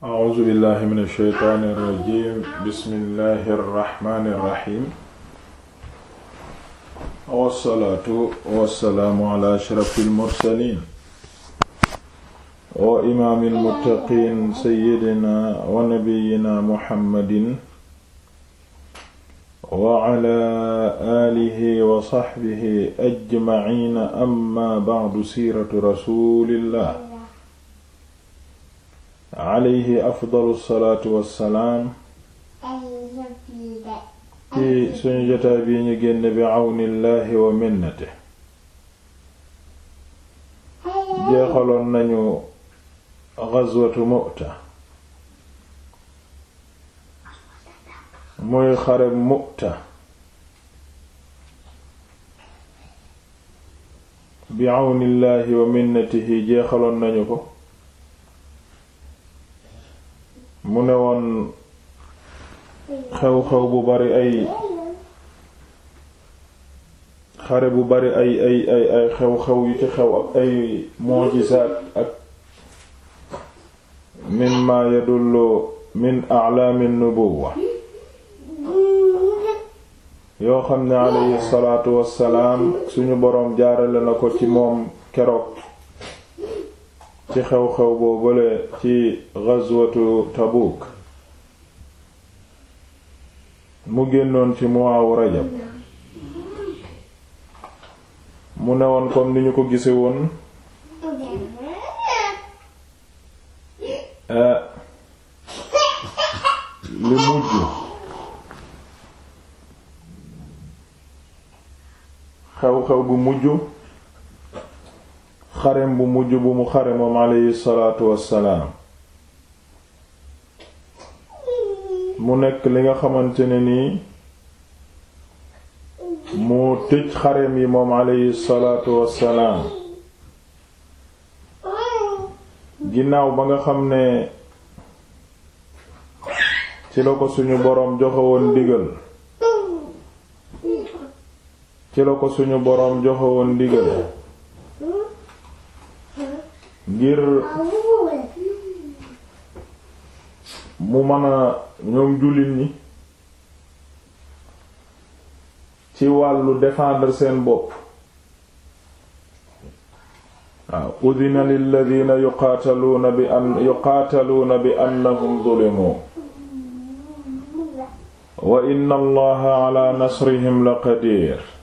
a'uuzu billahi min ash-shaytaani irrajim bismillahi irrahmani irrahim wassalaatu wassalaamu ala ashrafi almursalin wa imaami almuttaqiin sayyidina wa nabiyyina muhammadin wa ala aalihi wa saxbihi ajmaciina amma ba'du siiratu rasuulillah alayhi afdalu salaatu wassalaam ci suñu jotaay bi ñu génn bi àwnillaahi wa minnate jeexaloon nañu gazwatu mu'ta muy xareb mu'ta bi àwnillaahi wa minnatihi jeexaloon nañu ko mu ne woon xew-xew bu bari ay xare bu bari ay xew-xew yu ci xew ak ay mu'jizaat ak min ma yadullu min a'lamin nubuwwa yoo xam ne alayhi salaatu wassalaam suñu boroom jaarale na ko ci moom keroog ci xew-xew boobale ci gazwatu Tabuk mu génnoon ci muwaawu rajab mu newoon comme ni ñu ko gise woon eh, li mujj xew-xew bu mujj xarem bu mujj bu mu xare moom aleyhi salaatu wassalaam mu nekk li nga xamante ne nii mu tëj xarem yi moom aleyhi salaatu wassalaam ginnaaw ba nga xam ne ci la ko suñu boroom joxewoon digal ci la ko suñu boroom joxewoon digal ngir mu mën a ñoom jullit ñi ci wàllu défendre seen bopp waaw udina lilladina yuqaataluuna bi an yuqaataluuna bi annahum zulimu wa inna allaha ala nasrihim la qadir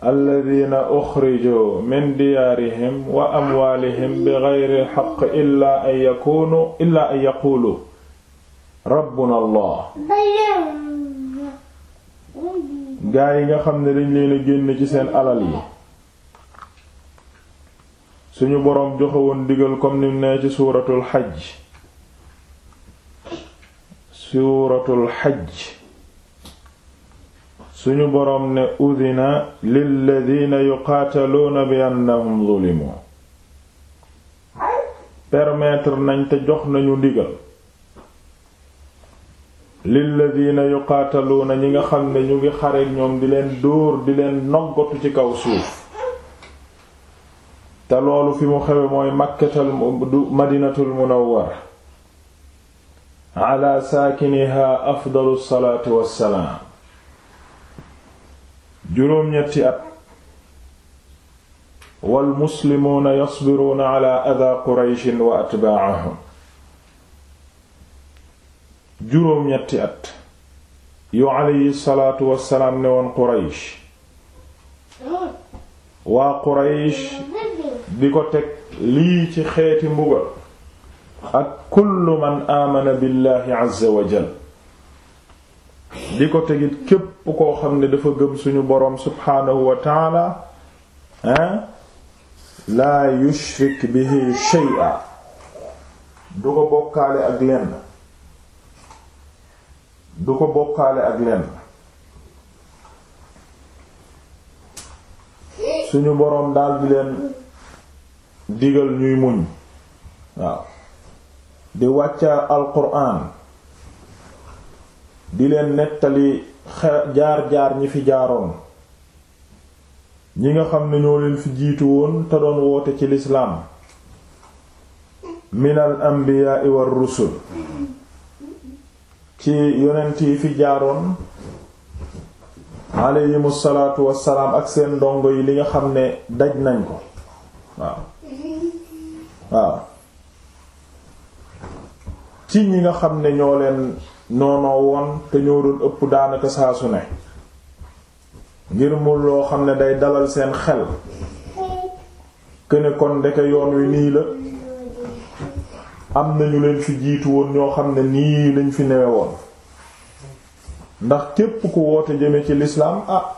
alladina uxrijuu min diyaarihim wa amwaalihim bi geyri xaq illa an yakuunu yi nga xam ne dañ leen génn ci seen alal yi suñu boroom joxewoon digal comme nim nee ci suuratul xaj suuratul xaj suñu boroom ne udina lilladina yuqaataluuna bi annahum zulimu permettre nañ te jox nañu ndigal lilladina yuqaataluuna ñi nga xam ne ñu ngi xare ñoom di leen dóor di leen noggatu ci kaw suuf te loolu fi mu xewe mooy makkatal madinatul munawwara ala saakiniha afdalu salaatu wassalaam juróom-ñetti at wal muslimuuna yasbiruuna ala adaa qurayshin wa atbaa'ihim juróom-ñetti at yu alayhi salaatu wassalaam ne woon quraysh waa quraysh di ko teg lii ci xeeti mbugal ak kullu man aamana billaahi azza wa li ko tegit képp koo xam ne dafa gëm suñu boroom subhaanahu wa taala hein la yushrik bihi shay'a du ko bokkaale ak lenn du ko bokkaale ak lenn suñu boroom daal di leen digal ñuy muñ waaw di wàcca alquran di leen nettali jaar-jaar ñi fi jaaroon ñi nga xam ne ñoo leen fi jiitu woon te doon woote ci lislaam min al anbiyaa war rusul ci yonent yi fi jaaroon aleyhimu wassalaam ak seen ndongo yi li nga xam ne daj nañ ko waaw waaw ci ñi nga xam ne ñoo leen noonoo woon te ñoo doon ëpp daanaka saa ne ngir mu loo xam ne day dalal seen xel këne kon ndeke yoon wi nii la am nañu leen fi jiitu woon ñoo xam ne nii lañ fi newe woon ndax képp ku woote jëme ci lislaam ah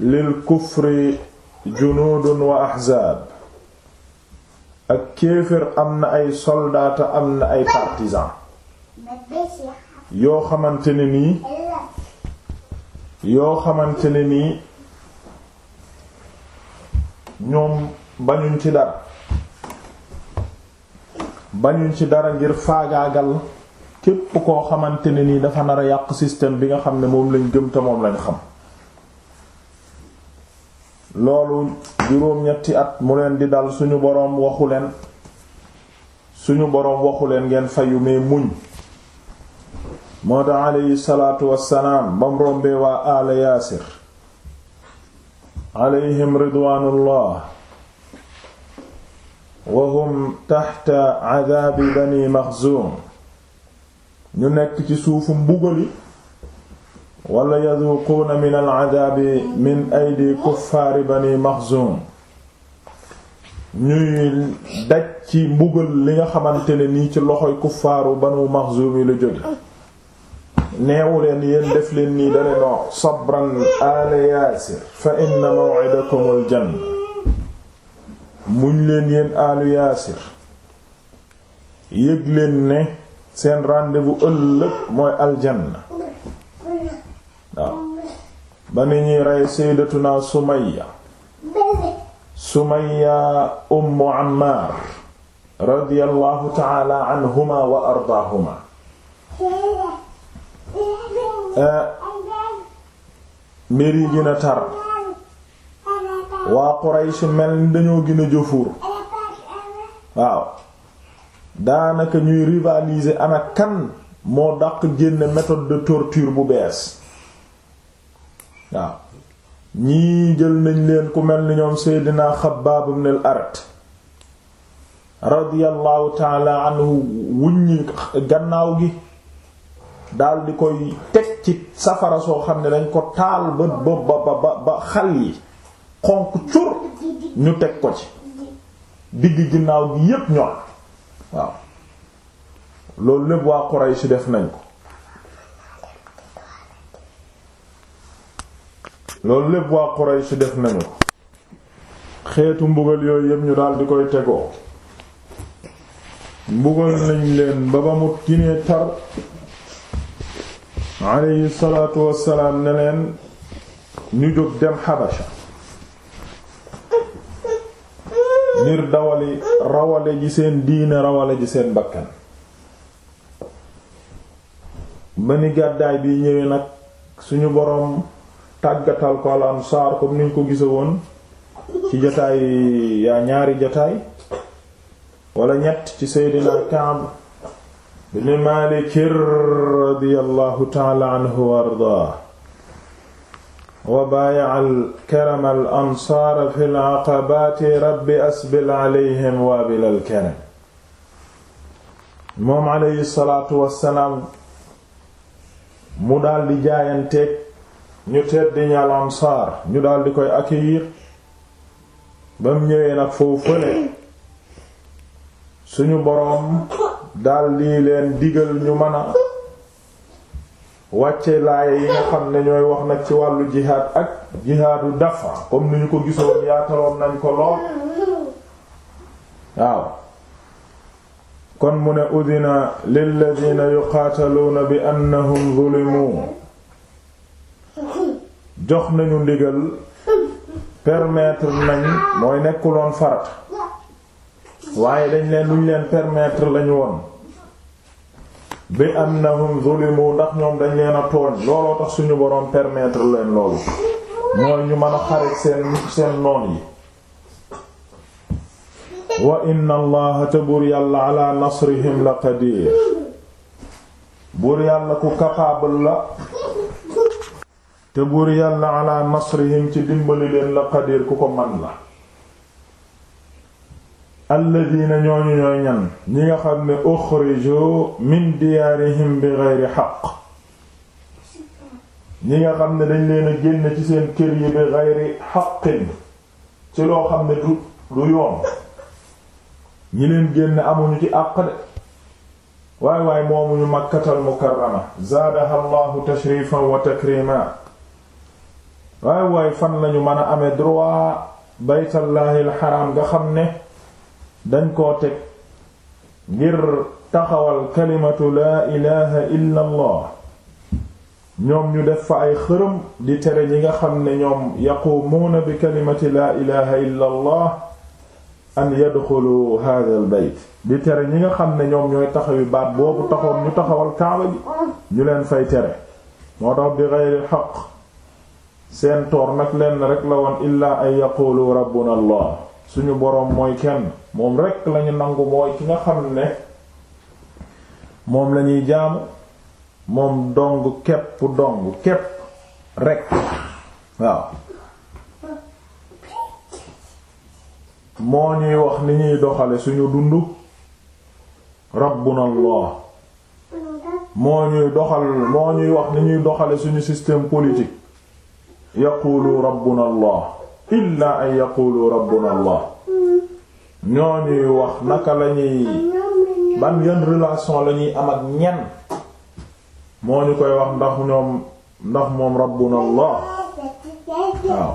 lil kufri junudun wa ahzaab ak kéefër am na ay soldaata am na ay partisans yoo xamante ne nii yoo xamante ne nii ñoom bañuñ ci dara bañuñ ci dara ngir faagaagal képp koo xamante ne nii dafa nar a yàq système bi nga xam ne moom lañ gëm te moom lañ xam loolu juróom-ñetti at mu leen di dal suñu boroom waxu leen suñu boroom waxu leen ngeen fayu mais muñ moo tax aleyhi salaatu wassalaam bam rombee waa aala yaasir aleyhim ridwaanullah wa hum taxta cadaabi bani maxzuum ñu nekk ci suufu mbugali wala yaduuquuna min alcadaabi min aydi kuffaari bani maxzuum ñuy daj ci mbugal li nga xamante ne nii ci loxo kuffaaru banu maxzuum yi la neewuleen leen def leen nii dale no sabran ala yaasir fa inna maw'idakum aljanna muñ leen yéen alu yaasir yëg leen ne seen rendez bu ëllëg mooy aljanna waaw ba ni ñuy rey sayyidatuna sumayya sumayya ummu ammaar radiyallahu ta'ala anhuma wa ardaahuma Eh, mbir yi gën a tar waa Quraysh mel ni dañoo gën jëfuur waaw daanaka ñuy rivaliser ana kan moo dàq génne méthode de torture bu bees waaw ñii jël nañ leen ku mel ni ñoom Seydina Xabbaab ibn al-Arat radiyallahu ta'ala anhu wuññi gannaaw gi daal di koy teg ci safara soo xam ne dañ ko taal ba ba ba ba xal yi xonq cur ñu teg ko ci digg ginnaaw gi yépp ñor waaw loolu lépp waa Quraysh def nañ ko loolu lépp waa Quraysh def nañu ko xeetu mbugal yooyu yëpp ñu daal di koy tegoo mbugal nañ leen ba ba mu ginee tar aleyhi salaatu wassalaam ne leen ñu jóg dem xabasha ngir dawali rawale ji seen diine rawale ji seen bakkan ba ni gàddaay bi ñëwee nag suñu boroom tàggatal ko al ansaar comme niñ ko gisa woon ci jotaay yaa ñaari jotaay wala ñett ci Seydina Kaab bni malikir radiyallahu taala anhu wa ardaa wa fi al-aqabaati rabbi asbil alayhim waabil al moom alayhi salaatu mu daldi jaayanteeg ñu tedd ñi ansaar ñu daldi koy accueillir bam ñëwee nag foofu fële suñu boroom daldi leen digal ñu mën a wàcce laaya yi nga xam ne ñooy wax nag ci wàllu jihaad ak jihaadu dafa comme ni ñu ko gisoon yaataloon nañ ko lool waaw kon mu ne udina lilladina yuqaataluuna bi annahum zulimu jox nañu ndigal permettre nañ mooy nekkuloon farata waaye dañ leen luñ leen permettre lañu woon bi annahum zulimu ndax ñoom dañ leen a tooñ looloo tax suñu boroom permettre leen loolu mooy ñu mën a xareek seen seen noon yi wa inna allaha te buur yàlla ala nasrihim la qadir buur yàlla ku capable la te buur yàlla ala nasrihim ci dimbali leen la qadir ku ko man la alladina ñooñu ñooy ñi nga xam ne uxriju min diyaarihim bi geyri xaq ñi nga xam ne dañ leen a ci seen kër yi bi geyri xaqin ci loo xam ne du du ñi leen génn amuñu ci àq de waay waay moomuñu makkatal mukarrama zaadaha allahu tashrifan wa takrima waay waay fan lañu mën a amee droit baytallahi alxaram nga xam ne dañ koo teg ngir taxawal kalimatu la ilaha illa ñoom ñu def fa ay xërëm di tere yi nga xam ne ñoom yaquumuuna bi kalimati laa ilaha illa allah an yadxulu hadha al bayt di tere ñi nga xam ne ñoom ñooy taxawi baat boobu taxoon ñu taxawal kaaba gi ñu leen fay tere moo tax bi geyri xaq seen toor nag leen rek la woon illaa an yaqulu rabbuna allah suñu boroom mooy kenn moom rekk lañu nangu mooy ki nga xam ne moom lañuy jaamu moom dong képp dong képp rekk waaw moo ñuy wax ni ñuy doxale suñu dund rabbuna allah moo ñuy doxal moo ñuy wax ni ñuy doxale suñu système politique yaqulu rabbuna allah illaa an yaqulu rabbuna ñoo ñuy wax naka lañuy ban yan relation lañuy am ak ñen moo ñu koy wax ndax ñoom ndax moom rabbuna allah waaw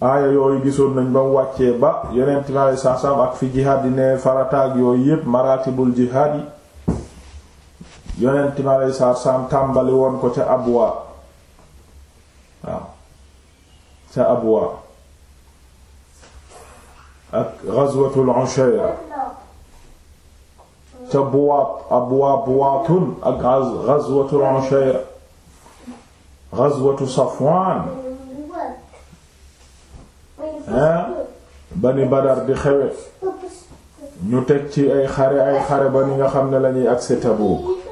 aaya yooyu gisoon nañ ba wàccee ba yonent mi alei ak fi jihaad yi ne farataag yooyu yépp maratibul jihaad yi yonent mi alei tàmbali woon ko ca abwa ca Abwa ak ghazwatul Ushayra ca Buwaat Abwa Buwaatun ak ghazwatul Ushayra ghazwatu Safwaan ba ni Badar di xewe ñu teg ci ay xare ay xare ba ni nga xam ne lañuy agsi Tabuuk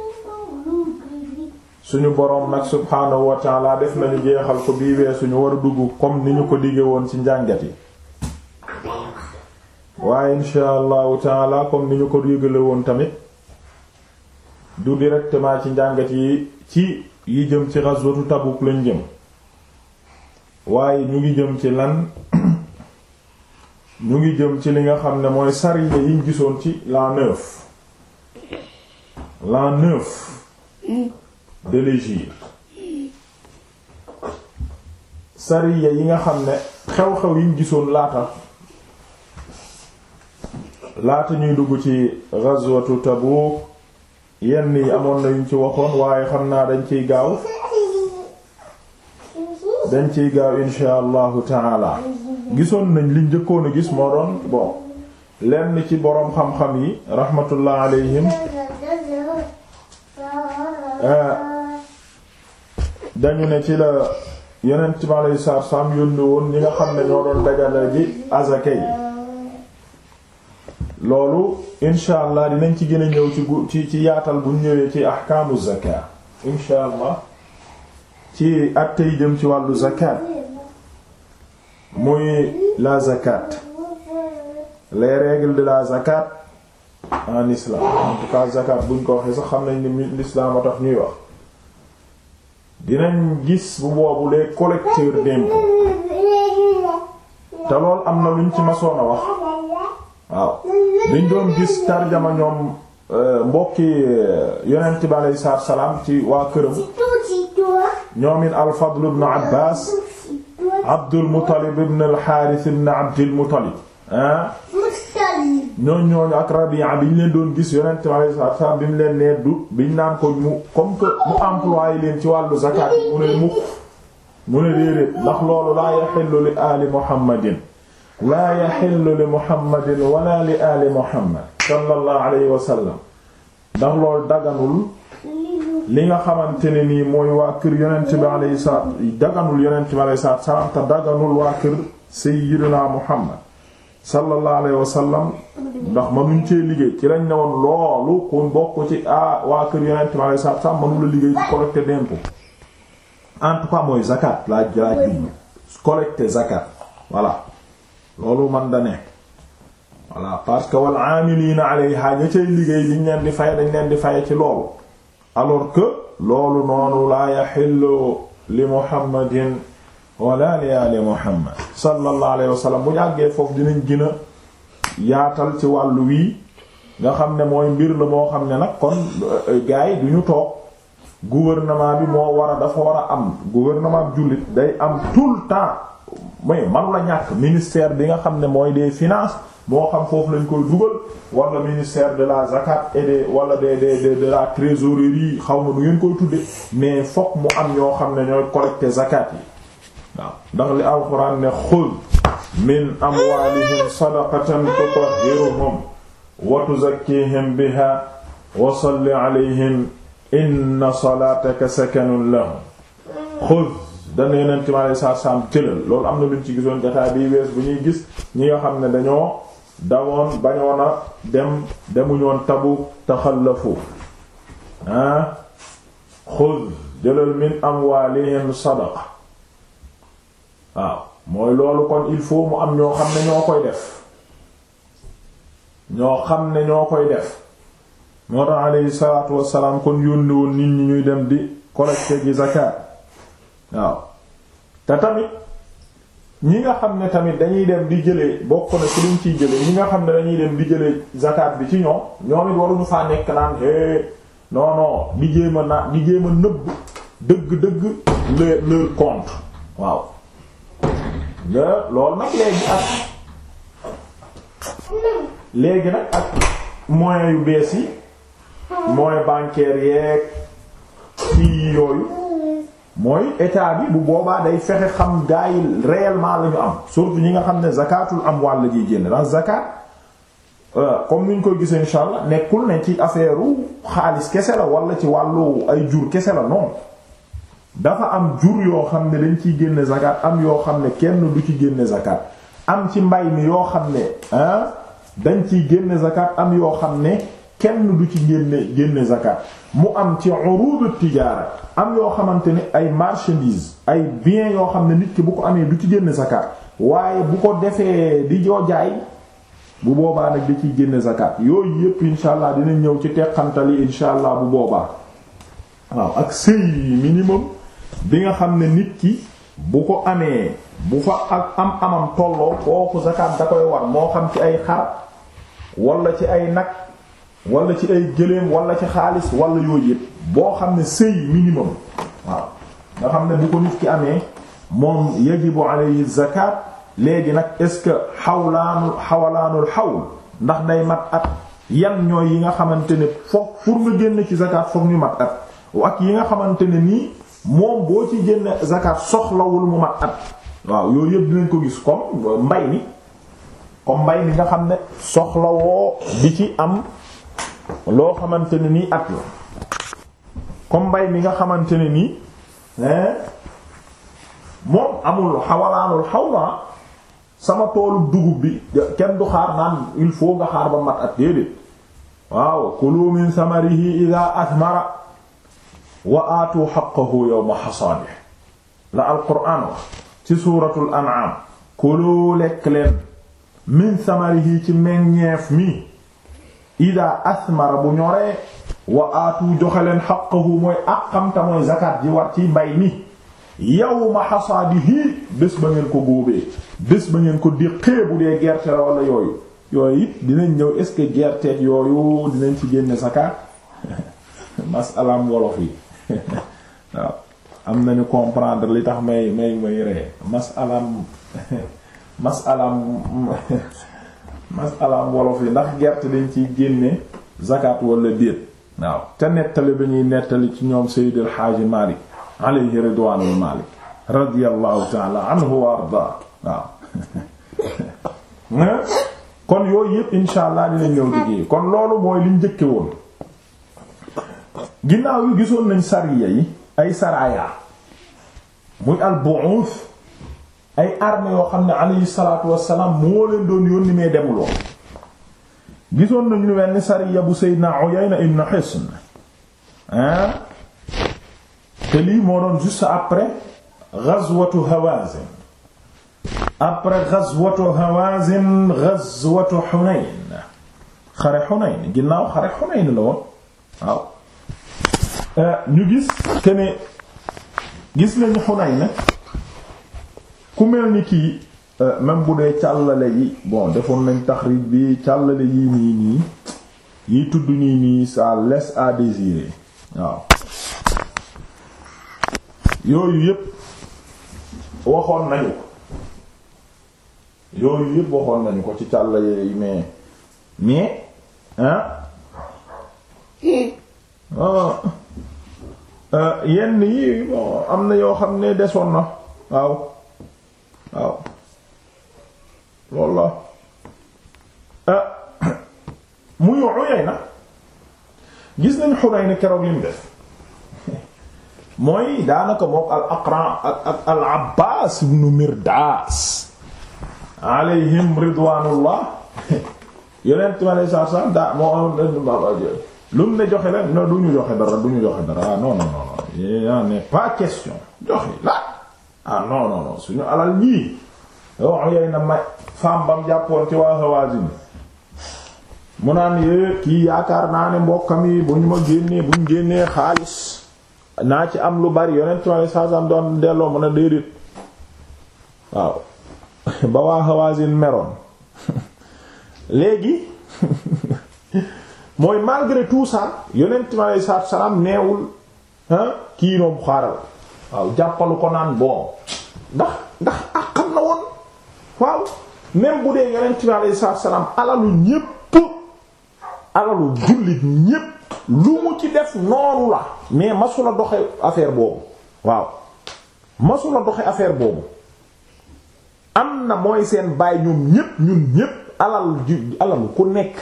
suñu boroom nag subhaanahu wa taala def nañu jeexal ko bii wee suñu war a dugg comme ni ñu ko digge woon ci njàngat yi waaye insha allahu taala comme ni ñu ko yëgale woon tamit du directement ci njàngat yi ci yi jëm ci ghazwatu Tabuk lañ jëm waaye ñu ngi jëm ci lan ñu ngi jëm ci li nga xam ne mooy sariya yiñ gisoon ci l'an neuf l'an neuf hmm. de l'Égypte sariya yi nga xam ne xew-xew yiñ gisoon laata laata ñuy dugg ci ghazwatu Tabuk yenn yi amoon na ci waxoon waaye xam naa dañ ciy gaaw dañ ciy gaaw insha allahu taala gisoon nañ liñ njëkkoon gis moo doon bon lenn ci boroom xam-xam yi rahmatullah alayhim eh, dañu ne ci la yonent bi alayhi salaatu salaam yónni woon ñi nga xam ne ñoo doon dajale ji azaka yi loolu insha allah dinañ ci gën a ñëw ci ci ci yaatal bu ñëwee ci ahkaamu zakat insha allah ci at tey jëm ci wàllu zakat muy la zakat les règles de la zakat en islam en tout buñ ko waxee sax xam nañ ni a tax ñuy wax dinañ gis bu boobu les collecteurs d'impôts te lool am na luñ ci masoon a wax waaw dañ doon gis tarjama ñoom euh, mbokki euh, yonent bi aleyhi salaam ci waa këram ñoom it al-Fadl ibn Abbas Abdul Muttalib ibn al-Harith Abdul Muttalib ah ñooñ ñooñu ak Rabi'a bi ñu leen doon gis yonent alayhi salaatu salaam bi mu leen nee du biñ naan ko mu comme que mu employé leen ci wàllu zakat mu ne mukk mu ne déedéet ndax loolu laa yaxillu li aali muhammadin laa yaxillu li muhammadin wala li aali muhammad sallallahu alayhi wa ndax loolu daganul li nga xamante ne nii mooy waa kër yonent bi alayhi salaatu daganul yonent bi alayhi sa salaam te daganul waa kër sayyidina muhammad sallallahu alayhi wa sallam ndax mënuñ cee liggéey ci lañ ne woon loolu kon bokk ci a waa kër yonent mi alayhi salaatu salaam mënula liggéey ci collecte d'impôt en tout cas mooy zakat laa laa jublu collecte zakat voilà loolu man da nekk voilà parce que wal amilina alayha ña cay liggéey liñ leen di fay dañ leen di fay ci loolu alors que loolu noonu laa yaxillu li muhammadin wala li ali muhammad sallallahu alayhi wa sallam bu yàggee foofu dinañ gën yaatal ci wàllu wii nga xam ne mooy mbir la moo xam ne nag kon euh, gars yi du ñu toog gouvernement bi moo war a dafa war a am gouvernement bi jullit day am tout le temps mais man la ñàkk ministère bi nga xam ne mooy des finances moo xam foofu lañ koy dugal wala ministère de la zakat et de wala de de de la trésorerie xaw ma nu ngeen koy tudde mais fokk mu am yoo xam ne ñooy collecter zakat yi waaw ndax li alxuraan ne xud min amwaalihim sadaqatan tutahhiruhum wa tuzakkihim biha wa salli alayhim inna salaataka sakanun lahum xud dana yeneen time alay saa loolu am na luñ ci gisoon jataay biy wees bu ñuy gis ñi nga xam ne dañoo dawoon bañoon a dem demuñoon tabu taxallafu ah jëlal min amwaalihim sadaqa waaw mooy loolu kon il faut mu am ñoo xam ne ñoo koy def ñoo xam ne ñoo koy def moo tax aleyhi salaatu wassalaam kon yónni woon nit ñi ñuy dem di collecter gi zakat waaw te tamit ñi nga xam ne tamit dañuy dem di jële bokk na ci liñ ciy jëlee ñi nga xam ne dañuy dem di jëlee zakat bi ci ñoom ñoom it waruñu faa nekk naan eh non non di naan di jéem nëbb dëgg-dëgg le leur compte waaw. lool loolu nag léegi ak léegi nag ak moyens yu bees yi moyens bancaires yeeg kii yooyu mooy état bi bu boobaa day fexe xam gaa yi réellement la ñu am surtout ñi nga xam ne zakatul amwal la ñuy génn ndax zakat euh, comme ni ñu koy gisee insha allah nekkul ne ci affaire xaalis kese la walla ci wàllu ay jur kese la non. dafa am jur yoo xam ne dañ ciy génne zakat am yoo xam ne kenn du ci génne zakat am ci mbay mi yoo xam ne ah dañ ciy génne zakat am yoo xam ne kenn du ci génne génne zakat mu am ci urud tijaara am yoo xamante ne ay marchandises ay biens yoo xam ne nit ki bu ko amee du ci génne zakat waaye bu ko defee di joo jaay bu boobaa nag di ciy génne zakat yooyu yëpp insha allah dina ñëw ci teqantali insha allah bu boobaa waaw ak sëy minimum bi nga xam ne nit ki bu ko amee bu fa ak am amam tolloo kooku zakat da koy war moo xam ci ay xar wala ci ay nag wala ci ay gëléem walla ci xaalis wala yooyu yëpp boo xam ne sëy minimum waaw nga xam ne bu ko nit ki amee moom yajibu alayhi zakat léegi nag est-ce que xawlaanu xawalaanul xawl ndax nday mat at yan ñooy yi nga xamante ne foog pour nga génn ci zakat foog ñu mat at ak yi nga xamante ne nii moom boo ci génne zakat soxlawul mu mat at waaw yooyu yëpp dinañ ko gis comme mbay mi comme mbay mi nga xam ne soxlawoo di ci am loo xamante ne nii at la comme mbay mi nga xamante ne nii moom amul xawalaanul xawla sama toolu dugub bi kenn du xaar naan il faut nga xaar ba mat at déedéet waaw kulu min samarihi idha athmara wa aatu xaqahu yawma xasaadi la alquraan wax ci suuratul an'aam kuluu lekk leen min samarihi ci meññeef mi ida asmara bu ñoree wa aatu joxe leen xaqahu mooy àqamta mooy zakat ji war ci mbay mi yawma xasaadihi bés ba ngeen ko góobee bés ba ngeen ko déqee bu dee gerte la wala yooyu yooyu it dinañ ñëw est ce que gerteeg yooyu dinañ ci génne zakat masalaam wolof yi waaw am nañu comprendre li tax may may may ree masalaam masalaam masalaam wolof yi ndax gerte lañ ci génne zakat wala déet waaw te nettali bi ñuy nettali ci ñoom Seydou El Hadj Malick alayhi ridwaanul Malick anhu wa ardaa waaw kon yooyu yëpp insha allah dinañ ñëw liggéey kon loolu mooy liñ njëkke woon ginnaaw yu gisoon nañ sariya yi ay saraya muy al ay armée yoo xam ne alayhi salaatu wassalaam moo leen doon yónni mais demuloo gisoon nañu lu mel ni sariya bu Seydina Uyayna ibn Hisn te lii moo doon juste après ghazwatu Hawazin après ghazwatu Hawazin ghazwatu Hunayn xare Hunayn ginnaaw xare Hunayn la woon waaw ñu gis que ne gis nañu xunay na ku mel ni kii euh, même bu dee càllale yi bon defoon nañ taxrij bi càllale yi nii nii yiy tudd nii nii ça laisse à désirer waaw yooyu yépp waxoon nañu ko yooyu yépp waxoon nañu ko ci càllale yi mais mais hein Euh, yenn yi bon am na yoo xam ne desoon na waaw waaw loolu la euh, muy Uyayna gis nañ Hurayna keroog lim def mooy daanaka mook al Aqra ak al Abbaas ibnu Mirdaas alayhim ridwaanullah yonent mi alayhi salaatu salaam daa moo lu ne joxe la no duñu joxe dara duñu joxe dara ah, non non non il n'en est pas question joxe la ah non non non suñu alal ñii wax yooyu na may femme bam jàppoon ci waa Hawazin mu naan yéeg kii yaakaar naa ne mbokkam mi bu ñu ma génnee bu ñu génnee xaalis naa ci am lu bari yonent ma saasam doon delloo mën a déedéet waaw ba waa Hawazin meroon léegi mooy malgré tout ça yonent ma salaam neewul kii noom xaaral waaw jàppalu ko naan bon ndax ndax ak xam na woon waaw même bu dee yonent bi alayhi salaam alalu ñépp alalu jullit ñépp lu mu ci def noonu la mais masula doxe affaire boobu waaw masula doxe affaire boobu am na mooy seen baay ñoom ñépp ñun ñépp alal ju alalu ku nekk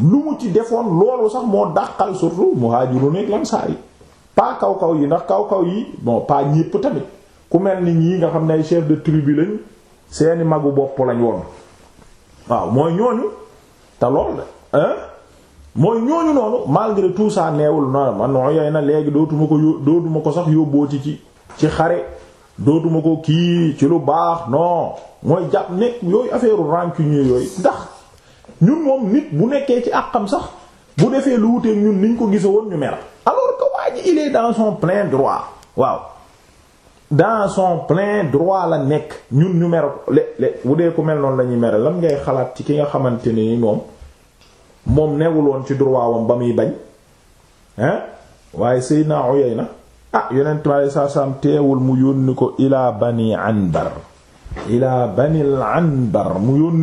lu mu ci defoon loolu sax moo dàqal surtout muhaajiruun ak lansaar yi pas kaw kaw yi ndax kaw kaw yi bon pas ñépp tamit ku mel ni ñii nga xam ne ay chef de tribu lañ seeni magu bopp lañ woon waaw mooy ñooñu te lool de mooy ñooñu noonu malgré tout ça neewul non man non yooyu na léegi dootuma ko yó dootuma ko sax yóbbooti ci ci xare dootuma ko kii ci lu baax non mooy jàpp nekk yooyu affaire rancune yooyu ndax ñun moom nit bu nekkee ci àqam sax bu defee lu wuteeg ñun niñ ko gisa woon ñu mer. waa ji il est dans son plein droit waaw dans son droit la nekk ñun ñu mer le le bu dee ku mel noonu la ñuy mere lan ngay xalaat ci ki nga xamante ne ni moom moom newuloon ci droit wam ba muy bañ hein waaye Seydina Uyayna ah yonent bi alei saatu salaam mu yónni ko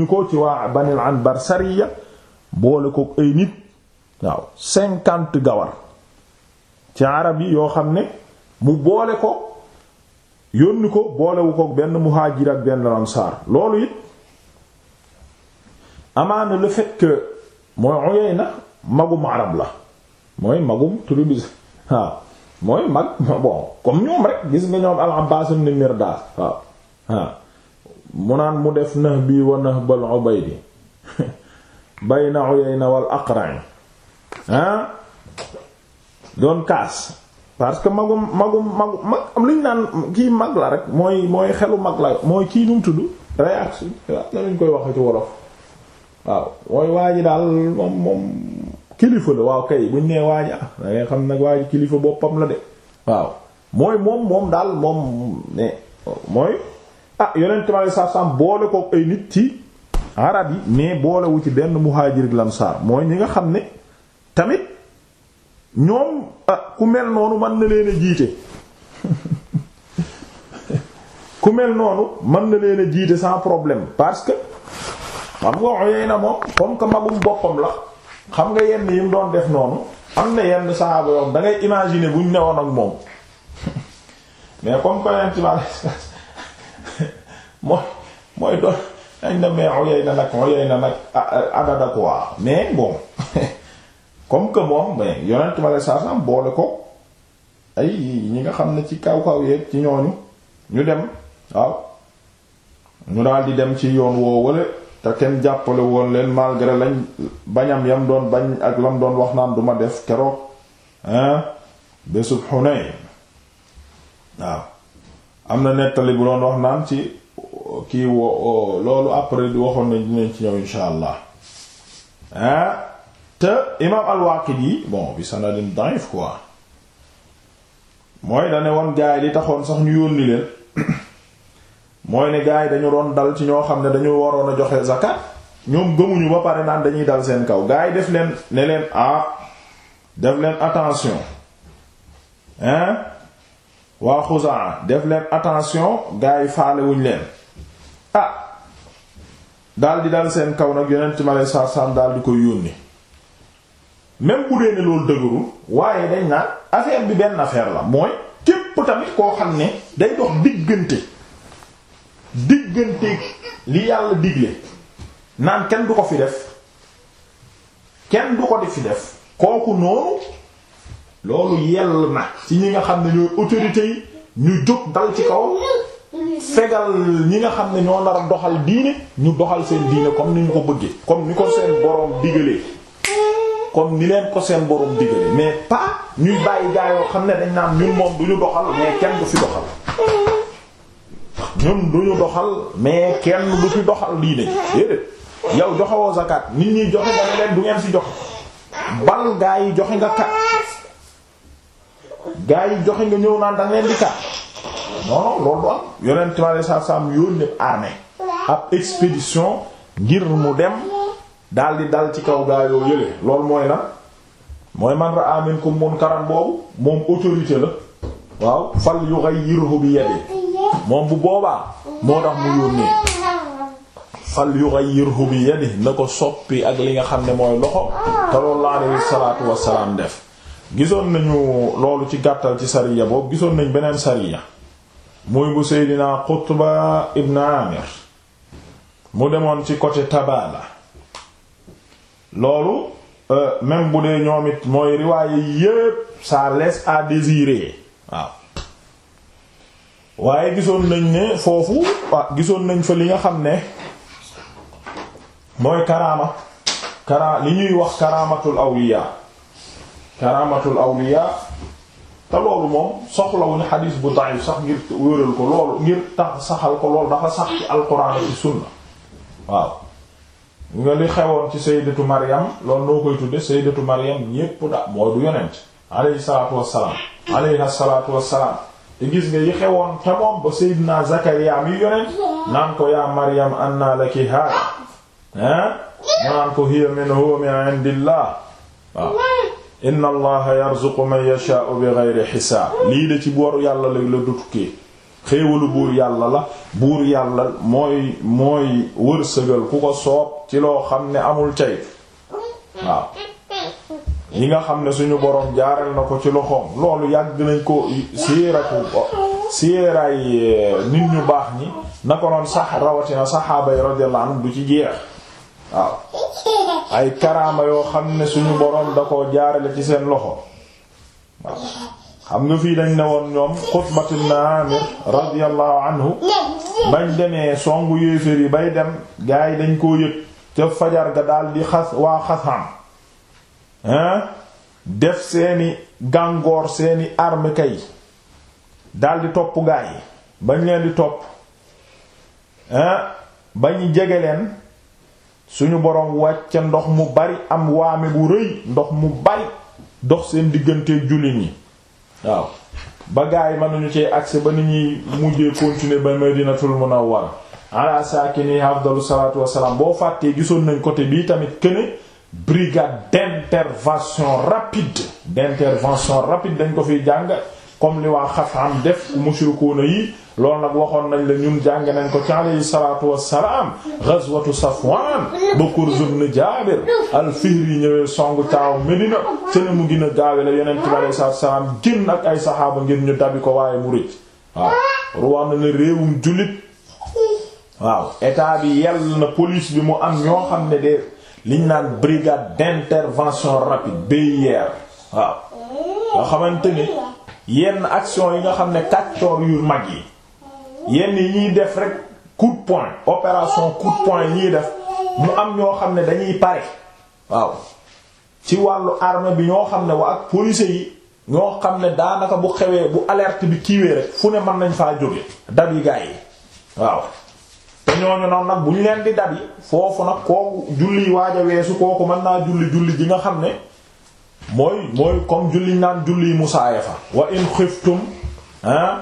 ko ci waa banil sariya boole ko ay nit waaw cinquante gawar ci arab yi yoo xam ne mu boole ko yónni ko boolewu ko benn muhaajir ak benn ansaar loolu it amaana lu fait que mooy Uyayna magum la mooy magum tribu waaw mooy bon comme ñoom rek gis nga ñoom al-Abbaas ibn Mirdaas waaw mu naan mu def nax bi wa nax bal Ubaydi bayna Uyayna wal Aqra'i ah doon kaas parce que magum magum magum mag liñ naan kii mag la rek mooy mooy xelu mag la mooy kii nu mu tudd réaction lañu koy wax ci wolof waaw mooy waa ji moom moom la waaw kay buñ nee waa ji ah, ngay xam nag waa kilifa boppam la de waaw mooy moom daal moom ne mooy ah yonent ma saa saam boole ko ay nit ci arab yi mais boolewu ci benn muhaajir ak lansaar mooy ñi nga xam ne tamit. ñoom ah ku mel noonu mën na leen a jiite ku mel noonu mën na leen a jiite sans problème parce que xam nga yooyu na moom comme que magum boppam la xam nga yenn yi mu doon def noonu am na yenn saaba yoon da ngay imaginer buñ newoon ak moom mais comme que yenn ci wàllu mooy mooy doon dañ ne mais yooyu na nag yooyu ah, ah, mais bon. comme que moom mais yonent ma lay saasam boole ko ay ñi nga xam ne ci kaw kaw yeeg ci ñooñu ñu dem waaw ñu daal di dem ci yoon woo wala te kenn jàppale woon leen malgré lañ bañam yam doon bañ ak lam doon wax naan duma def keroog hein bésub Hunayn waaw am na nettali bu doon wax naan ci kii wo loolu après di waxoon nañ dinañ ci ñëw insha allah te imaam al yi bon bi sanadin da'if quoi mooy da ne woon gaay li taxoon sax ñu yónni leen mooy ne gaay dañu doon dal ci ñoo xam ne dañu waroon a joxe zakat ñoom gëmuñu ba pare naan dañuy dal seen kaw gaay def leen ne leen ah def leen attention hein waa Xuzaa def leen attention gaay faalewuñ leen ah dal di dal seen kaw nag yonent mi alayhi salaam dal di koy yónni même bu dee ne loolu dëgërul waaye dañ naan affaire bi benn affaire la mooy képp tamit koo xam ne day dox diggante diggante li yàlla digle naan kenn du ko fi def kenn du ko di fi def kooku noonu loolu yell na ci ñi nga xam ne ñooy autorité yi ñu jóg dal ci kaw fegal ñi nga xam ne ñoo nar doxal diine ñu doxal seen diine comme nu ñu ko bëggee comme ni ko seen boroom digalee comme ni leen ko seen borom digale mais pas ñuy bàyyi gaa yoo xam ne dañ naan ñun moom du ñu doxal mais kenn du fi doxal ñun du doxal mais kenn du fi doxal lii ne yow joxewoo zakat nit ñi joxe danga leen du ngeen si joxe bal gaa yi joxe nga kat gaa yi joxe nga ñëw naan danga leen di kat non non loolu du am yonent mi sallallahu alayhi wasallam yónni ab expédition ngir mu dem daal di dal ci kaw gaa yoo yële loolu mooy lan mooy man ra'a minkum munkaran boobu moom autorité la waaw fal yughayyirhu bi yadihi moom bu boobaa moo tax mu yónnee fal yughayyirhu bi yadihi na ko soppi ak li nga xam ne mooy loxo te loolu la alayhi salaatu wassalaam def gisoon nañu loolu ci gàttal ci sariya boobu gisoon nañ beneen sariya muy bu Seydina Qutba ibn Amir mu demoon ci côté Tabala loolu euh, même bu dee ñoom it mooy riwaaye yépp ça laisse à désirer waaw waaye gisoon nañ ne foofu ah gisoon nañ fa li nga xam ne mooy karaama kara li ñuy wax karaamatul awliya karaamatul awliya te loolu moom soxlawuñu xadiis bu da'if sax ngir wéral ko loolu ngir tax saxal ko loolu dafa sax ci alxuraan ci sunna waaw nga li xewoon ci sayyidatu Maryam loolu noo koy tudde sayyidatu Maryam ñépp da mooy du yonent alayhi salaatu wassalaam alayhi salaatu wassalaam te gis nga yi xewoon te ba sayyidina Zakariya mi yonent naan ko yaa Maryam anna laki haada ah mu naan ko hiya min huwa min indillah waaw inna allaha yarzuqu man yashaa'u bighayri hisaab lii de ci booru yàlla la la du tukkee xéewalu buur yàlla la buur yàlla mooy mooy wërsëgal ku ko soob ci loo xam ne amul cay waaw yi nga xam ne suñu boroom jaaral na ko ci loxoom loolu yàgg nañ ko siiratu siiraay eh, nit ñu baax ñi na ko noon sax rawatina saxaaba yi radiyallahu anhum du ci jeex waaw ay karaama yoo xam ne suñu boroom da ko jaarale ci seen loxo waaw xam nga fii dañ ne woon ñoom Xutbat ibn Amir radiyallahu anhu bañ demee songu yéeféer yi bay dem gaa dañ koo yëg ca fajar ga daldi di xas waa xasam hein def seeni gàngoor seeni arme kay daal di topp gaa bañ leen di topp bañ jege leen suñu boroom wàcce ndox mu bari am waame bu rëy ndox mu bari dox seen digganteeg jullit ñi waaw ba gaa yi mënuñu cee accès ba ni ñuy mujjee continuer ba Madinatul Munawwara ala saakini afdalu salaatu wassalaam boo fàttee gisoon nañ côté bii tamit këne brigade d'intervention rapide d'intervention rapide dañ ko fi jàng comme li waa xaf am def mushrikuuna yii loolu nag waxoon nañ la ñun jàng nañ ko ci alayhi salaatu wassalaam ghazwatu Safwan ba Kurz ibn Jaabir al-Fihri ñëwee songu taaw Medina te ne mu gën a gaawe la yonent bi alayhi salaatu wassalaam génn ak ay saxaaba ngir ñu dabi ko waaye mu rëcc waaw ruwaan na ne réewum jullit waaw état bi yell na police bi mu am ñoo xam ne de liñ naan brigade d'intervention rapide BIR waaw nga xamante ni yenn action yi nga xam ne kaccoor yu mag yi yenn yi ñuy def rek coup de poing opération coup de def mu am ñoo xam ne dañuy pare waaw ci wàllu armée bi ñoo xam ne wa ak policiers yi ñoo xam ne daanaka bu xewee bu alerte bi kiiwee rek fu ne mën nañ faa jóge dab yi gaa yi waaw te ñooñu noonu nag bu ñu leen di dab foofu nag kooku julli waaj weesu kooku mën naa julli julli ji nga xam ne mooy mooy comme julli naan julli musaayafa wa in xiftum ah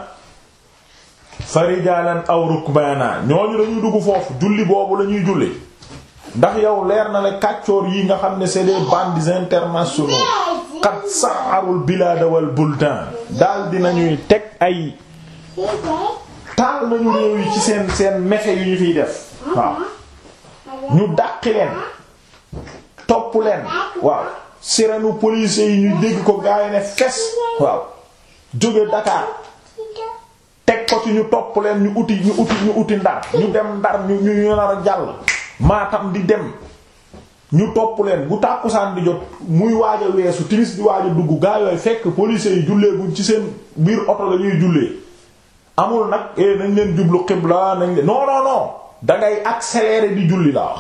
fa rijalan aw rukbana ñooñu dañuy dugg foofu julli boobu lañuy ñuy julli ndax yow leer na le kàccoor yi nga xam ne c'est des bandes internationaux qad sa'arul bilad wal buldan daal nañuy teg ay taal nañu réew yi ci seen seen mexe yu ñu fiy def waaw ñu dàqi leen topp leen waaw sirenu policiers yi ñu dégg ko gaay ne fes waaw jóge Dakar teg ko ci ñu topp leen ñu uti ñu uti ñu uti ndar ñu dem ndar ñu ñu nar a jàll maatam di dem ñu topp leen bu tàkkusaan di jot muy waaj a weesu timis di waaj a dugg gaa fekk policiers yi jullee buñ ci seen biir oto la ñuy jullee amul nag eh nañ leen jublu xibla nañ leen non non non da ngay di julli la wax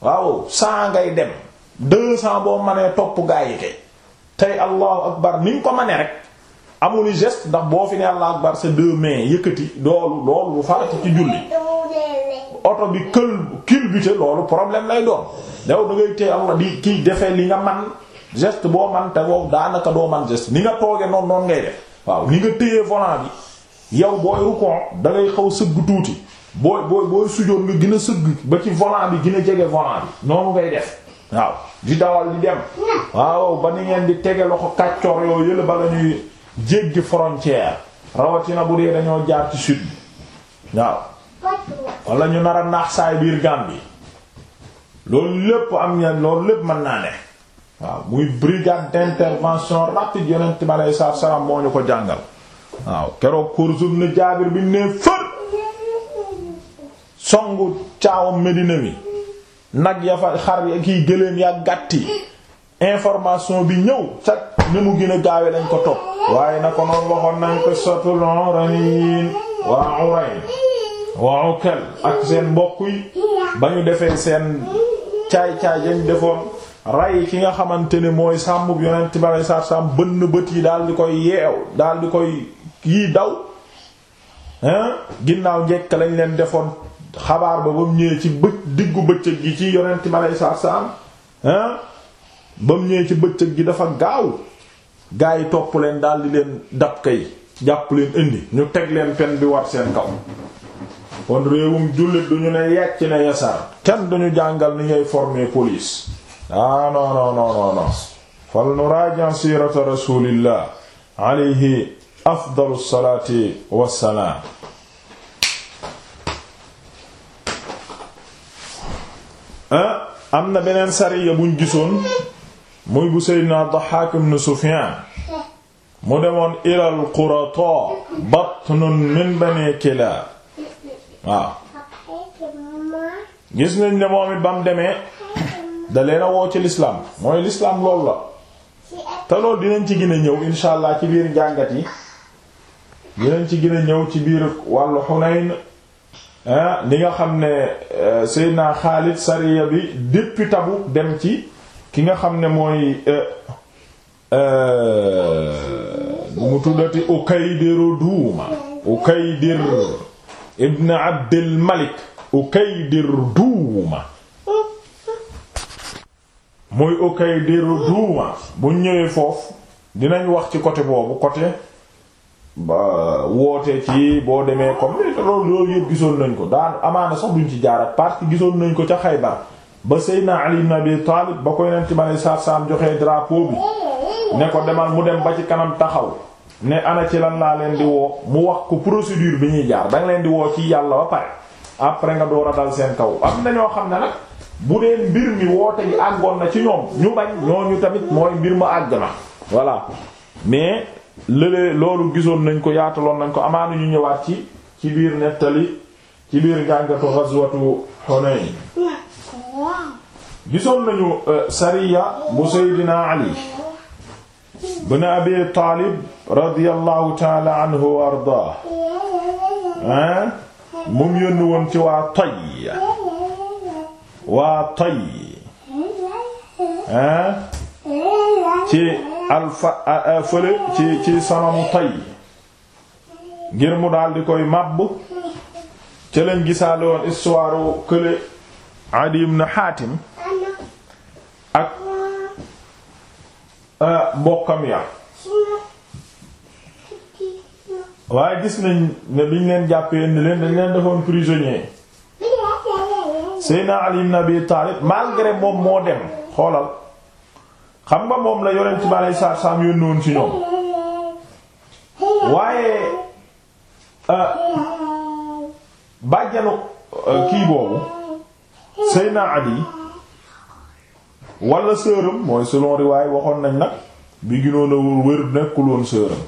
waaw cent ngay dem deux cent boo manee topp gaa yi kay tey allahu akbar ni nga ko mënee rek. amul gest ndax boo fi ne Allah akbar sa deux mains yëkkati loolu loolu bu farata ci julli oto bi kël culbuté loolu problème lay doon daw da ngay téye am na di kii defee li nga man geste boo man te wow daanaka doo man geste ni nga tooge noonu ngay def waaw ni nga téyee bi yow booy rukon da xaw sëgg tuuti booy booy booy sujoon nga gën ba ci volant bi gën a jege volant bi def waaw di dawal di dem hmm. waaw ba ni ngeen di tege loxo kàccoor yooyu yëla ba la jéggi frontière rawatina bu dee dañoo jaar ci sud bi waaw wala ñu nar a naax saay biir Gambie loolu lépp am ña loolu lépp mën naa ne waaw muy brigade d'intervention rapide yonent bi aleyhi salaatu salaam moo ñu ko jàngal waaw keroog Kurzum ne Jaabir bi ne fër songu caawam Medina mi nag ya fa xar ya kiy gëléem ya gàtt information bi ñëw ca ni mu gën a gaawe dañ ko topp waaye na ko noon waxoon nañ ko sotul uraniin waa urayn waa ukel ak seen mbokk yi ba ñu defee seen caay-caay yañ defoon ray ki nga xamante ne mooy sàmm yonent bi saa bënn bët yi daal di koy yeew daal di koy yii daw ginnaaw njekk lañ leen defoon xabaar ba ba mu ñëwee ci bë diggu bëccëg gi ci yonent bi saa sàmm ba mu ñëwee ci bëccëg gi dafa gaaw gaa yi topp leen daal di leen dab kay jàpp leen indi ñu teg leen pen bi war seen kaw kon réewum jullit duñu ne yàcc ne yasaar kenn duñu jàngal ni ngay former police ah non non non non non fal nuraaji siirata rasulillah alayhi afdalu salaati wassalaam ah, am na beneen sariya buñ gisoon muy bu Seydina Dahhaak ibn Sufyaan mu demoon ilal Qurata batnun min Bani Kilaab waaw gis nañ ne moom it ba mu demee da leen woo ci lislaam mooy lislaam lool la te loolu dinañ ci gën a ñëw insha allah ci biir njàngat yi dinañ ci gën a ñëw ci biir wàllu Hunayn li ah, nga xam ne eh, Seydina Xaalid sariya bi depuis Tabuk dem ci ki nga xam ne mooy bu euh, euh, mu tuddati Ukaydiru Duuma Ukaydir ibn Abdil Malik Ukaydir Duuma muy Ukaydiru Duuma bu ñëwee foofu dinañ wax ci côté boobu côté ba woote ci boo demee comme loolu loolu yëpp gisoon nañ ko daan amaana sax duñ ci jaarat parce que gisoon nañ ko ca Xaybar ba Seydina Ali ibn Abi Taalib ba ko yonent bi aleyhi salaatu salaam joxee drapeau bi ne ko demal mu dem ba ci kanam taxaw ne ana ci lan laa leen di woo mu wax ko procédure bi ñuy jaar danga leen di woo ci yàlla ba pare après nga door a dal seen kaw am na ñoo xam ne nag bu dee mbir mi woote gi àggoon na ci ñoom ñu bañ ñooñu tamit mooy mbir ma àgg na voilà mais lëlee loolu gisoon nañ ko yaataloon nañ ko amaanu ñu ñëwaat ci ci biir nettali ci biir ngàngatu ghazwatu Hunayn gisoon nañu euh, sariya bu seydina ali bin abi taalib radiyallahu taala anhu wa ardaa moom yónni woon waa toy waa toy ci alfa fële ci ci sanamu ngir mu daal di koy màbb ci gisaale woon histoire kële adi ibn xaatim ak euh, mbokkam ya waaye gis nañ ne biñ leen jàppee ni leen dañ leen defoon prisonnier Seydina Ali ibn Abi Talib malgré moom moo dem xoolal xam nga moom la yoreen ci balay saar saam yónnoon ci ñoom waaye euh, bàjjanu euh, kii boobu Seydina Ali wala sëram mooy selon riwaay waxoon nañ nag bi ginoon a wér nekkuloon sëram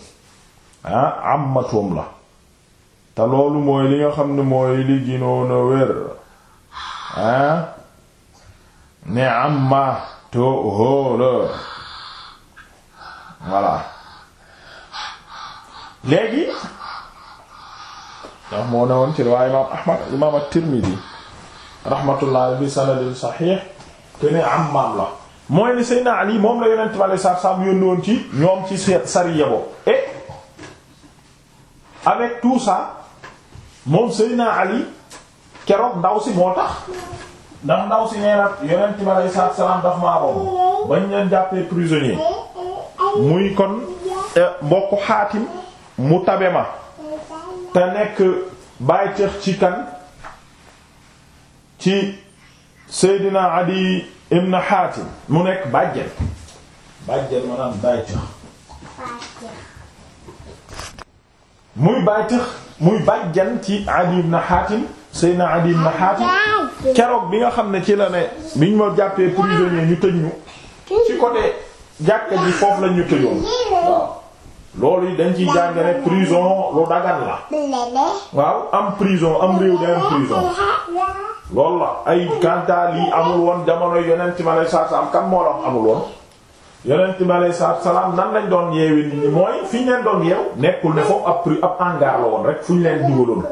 ah ammatum la te loolu mooy li nga xam ne mooy li ginoon a wér ah ne amma to hóola voilà léegi ndax moo ne woon ci riwaay imaam Ahmad imaam at-Tirmidhi bi sanadin sahih ne ammaam la mooy ni Seydina Ali moom la yonent bi alayhi salaatu salaam yónni woon ci ñoom ci sariya boobu et avec tout ça moom Seydina Ali keroog ndaw si moo tax ndax ndaw si nee na yonent bi alayhi salaatu salaam daf maa boobu bañ leen jàppee prisonnier muy kon eh, mbokku xaatim mu tabe ma te nekk bàyyi ci kan ci Seydina Adi ibn Hatim mu nekk bàjjen bàjjen maanaam baay tëx muy baay ci Adi ibn Hatim Seydina Adi ibn Hatim keroog bi nga xam ne ci la ne biñ ma jàppee prisonnier ñu tëj ñu ci côté jàkka ji foofu lañ ñu tëjoon loolu yi dañ ciy jàng rek prison lu dagan la waaw am prison am réew day am prison loolu la ay kantaal yi amul woon jamono yonent mi aleyhi salaatu salaam kan moo la amul woon yonent mi aleyhi salaatu nan lañ doon yeewi nit ñi mooy fi ñu leen doon yeew nekkul ne foofu ab pri ab hangar la woon rek fu ñu leen dugaloon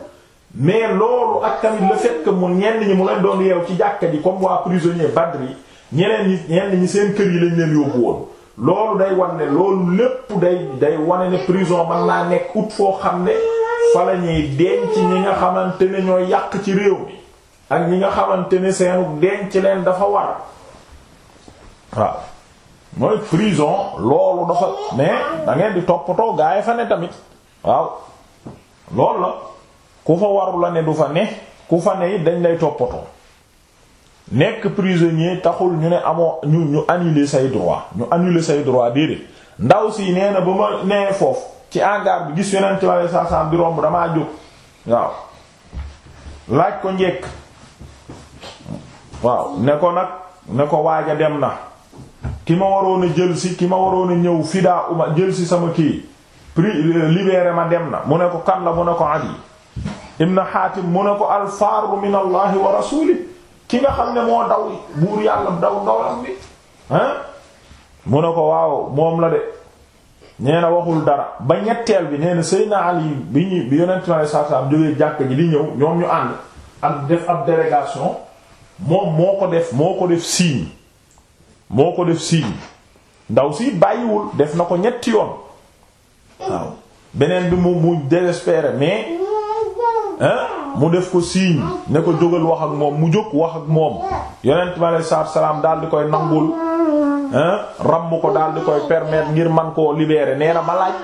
mais loolu ak tamit le fait que mu ñenn ñi mu leen doon yeew ci jàkka ji comme waa prisonnier Badr yi ñeneen ñi ñenn ñi seen kër yi lañ leen yóbbu loolu day wan ne loolu lépp day day wane ne prison man naa nekk ut foo xam ne fa la denc ñi nga xamante ne ñoo yàq ci réew mi ak ñi nga xamante ne seenu denc leen dafa war waaw mooy prison loolu dafa mais da ngeen di toppatoo gaay fa ne tamit waaw lool la ku fa warul la ne du fa ne ku fa ne it dañ lay toppatoo nekk prisonnier taxul ñu ne amoo ñu ñu annuler say droit ñu annuler say droit déedéet ndaw si nee na ba ma nee foofu ci hangar bi gis yeneen ci wàllu saa saa bi romb damaa jóg waaw laaj ko njëkk waaw ne ko nag ne ko waaja dem na ki ma waroon a jël si ki ma waroon ñëw fii daa uma jël si sama kii prix euh, libéré ma dem na mu ne ko kan la mu ne ko Adi ibn Hatim mu ne ko al farru wa rasulih ki nga xam ne moo daw li buur yàlla daw ndawam bi ah mu ne ko waaw moom la de nee waxul dara ba ñetteel bi nee na Seydina Ali bi ñu bi yonent sallallahu alayhi wasallam jógee jàkk ji di ñëw ñoom ñu ànd ak def ab délégation moom moo ko def moo ko def signe moo ko def signe ndaw si bàyyiwul def na ko ñetti yoon waaw beneen bi mu mu désespéré mais hein mu def ko siiñ ne ko jógal wax ak moom mu jóg wax ak moom yonent bi aleyhi salaam daal di koy nangul ramm ko daal di koy permettre ngir man koo libeere nee na ma laaj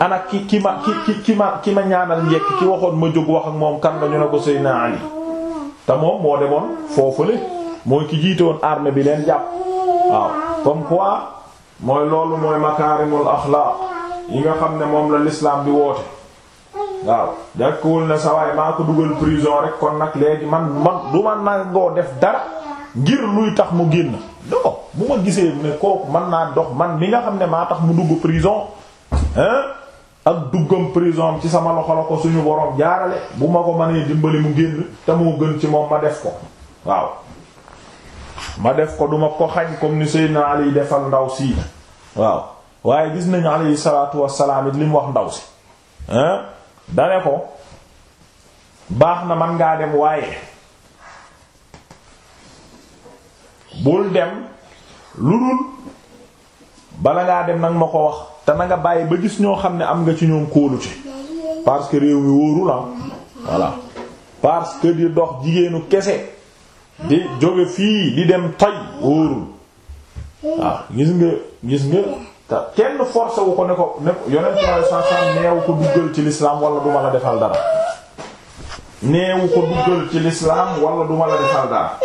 ana ki ki ma ki ki ma ki ma ñaanal njekk ki waxoon ma jóg wax ak moom kan nga ñu ne ko Seydina Ali te moom moo demoon foofule mooy ki jiite woon armée bi leen jàpp waaw comme quoi mooy loolu mooy makaarimul axlaaq yi nga xam ne moom la lislaam bi woote. waaw jàkkwul ne sa waay maa ko dugal prison rek kon nag léegi man man du man nangoo def dara ngir luy tax mu génn non bu ma gisee ne kooku man naa dox man mi nga xam ne maa tax mu dugg prison ak duggam prison ci sama loxo la ko suñu borom jaarale bu ma ko mënee dimbali mu génn te moo gën ci moom ma def ko waaw ma def ko duma ko xañ comme ni Seydina Ali defal ndaw si waaw waaye gis nañu alayhi salaatu wassalaam it li mu wax ndaw si hein dane ko baax na man ngaa dem waaye bul dem lu dul bala ngaa dem nag ma ko wax te nanga bàyyi ba gis ñoo xam ne am nga ci ñoom kóolute parce que réew mi wóoru la voilà parce que di dox jigéenu kese di jóge fii di dem toy wóorul waaw gis nga gis nga te kenn forcé wu ko ne ko ne yonent sallallahu alayhi neewu ko duggal ci l'islam wala duma la defal dara neewu ko duggal ci l'islam wala duma la defal dara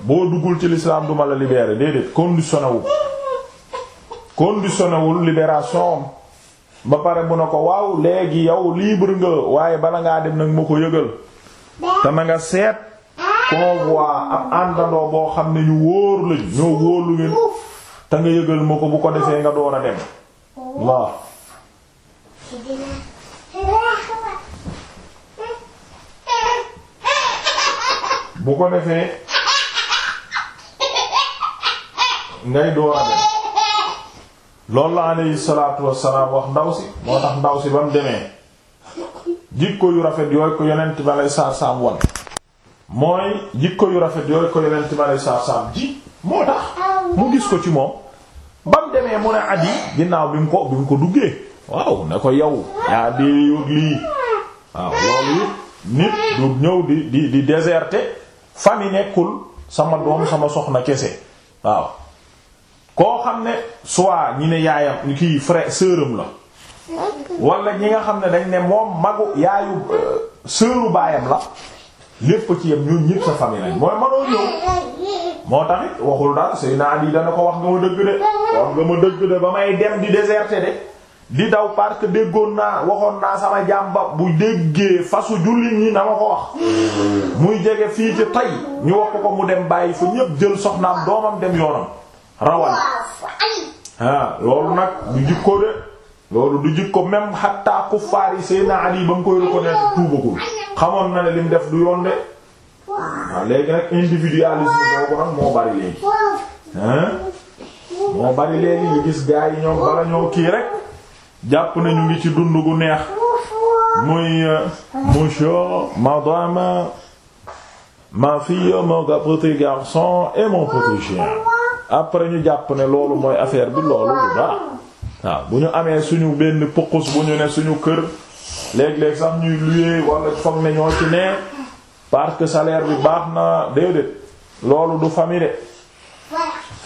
boo duggul ci l'islam duma la libérer déedéet conditionné wu conditionné wul libération ba pare bu ne ko waaw léegi yow libre nga waaye bala ngaa dem nag ma ko yëgal te na nga seet convoi am àndandoo boo xam ne ñu wóor lañ ñoo wóor lu ngeen te nga yëgal ma ko bu ko defee nga door a dem waaw ko defee ngay door a dem loolu la alayhi salaatu wassalaam wax ndaw si moo tax ndaw si ba mu demee jikko yu rafet yooyu ko yonent bi alay saar saam won mooy jikko yu rafet yooyu ko yonent bi alay saar moo tax mu gis ko ci moom ba mu demee mu ne Adi ginnaaw bi mu ko bi mu ko duggee waaw ne ko yow yaa dee yóg lii waaw loolu nit du ñëw di di di déserter fan yi nekkul sama doom sama soxna kese waaw koo xam ne soit ñi ne yaayam kii frère sœuram la wala ñi nga xam ne dañ ne moom magu yaayu euh, sœuru baayam la lépp ci yem ñun ñëpp sa famille lañ mooy manoo ñëw moo tamit waxul daal sëy naa di dana ko wax nga ma dëgg de wax nga ma dëgg de ba may dem di déserté de di daw parce que déggoon naa waxoon naa sama jàmba bu déggee fasu jullit nii na ma ko wax muy jege fii ci tay ñu wax ko mu dem bàyyi fa ñëpp jël soxnaam doomam dem yoonam rawal ah loolu nag du jikko de loolu du jikko même xatta kuffaar yi Seydina Ali ba mu koy reconnaître tuubagul xamoon na ne lim def du yoon de waaw léegi nag individualisme boobu nag moo bari léegi moo bari léegi ñu gis gaa yi ñoom bala ñoo kii rek jàpp nañu ñu ngi ci dund gu neex muy monsieur madame ma fille mon petit et mon après ñu jàpp ne loolu mooy affaire bi loolu du waaw bu ñu amee suñu benn puqus bu ñu ne suñu kër léeg-léeg sax ñuy luye wala foog ne ñoo ci nee parce que salaire bi baax na déedéet loolu du famille de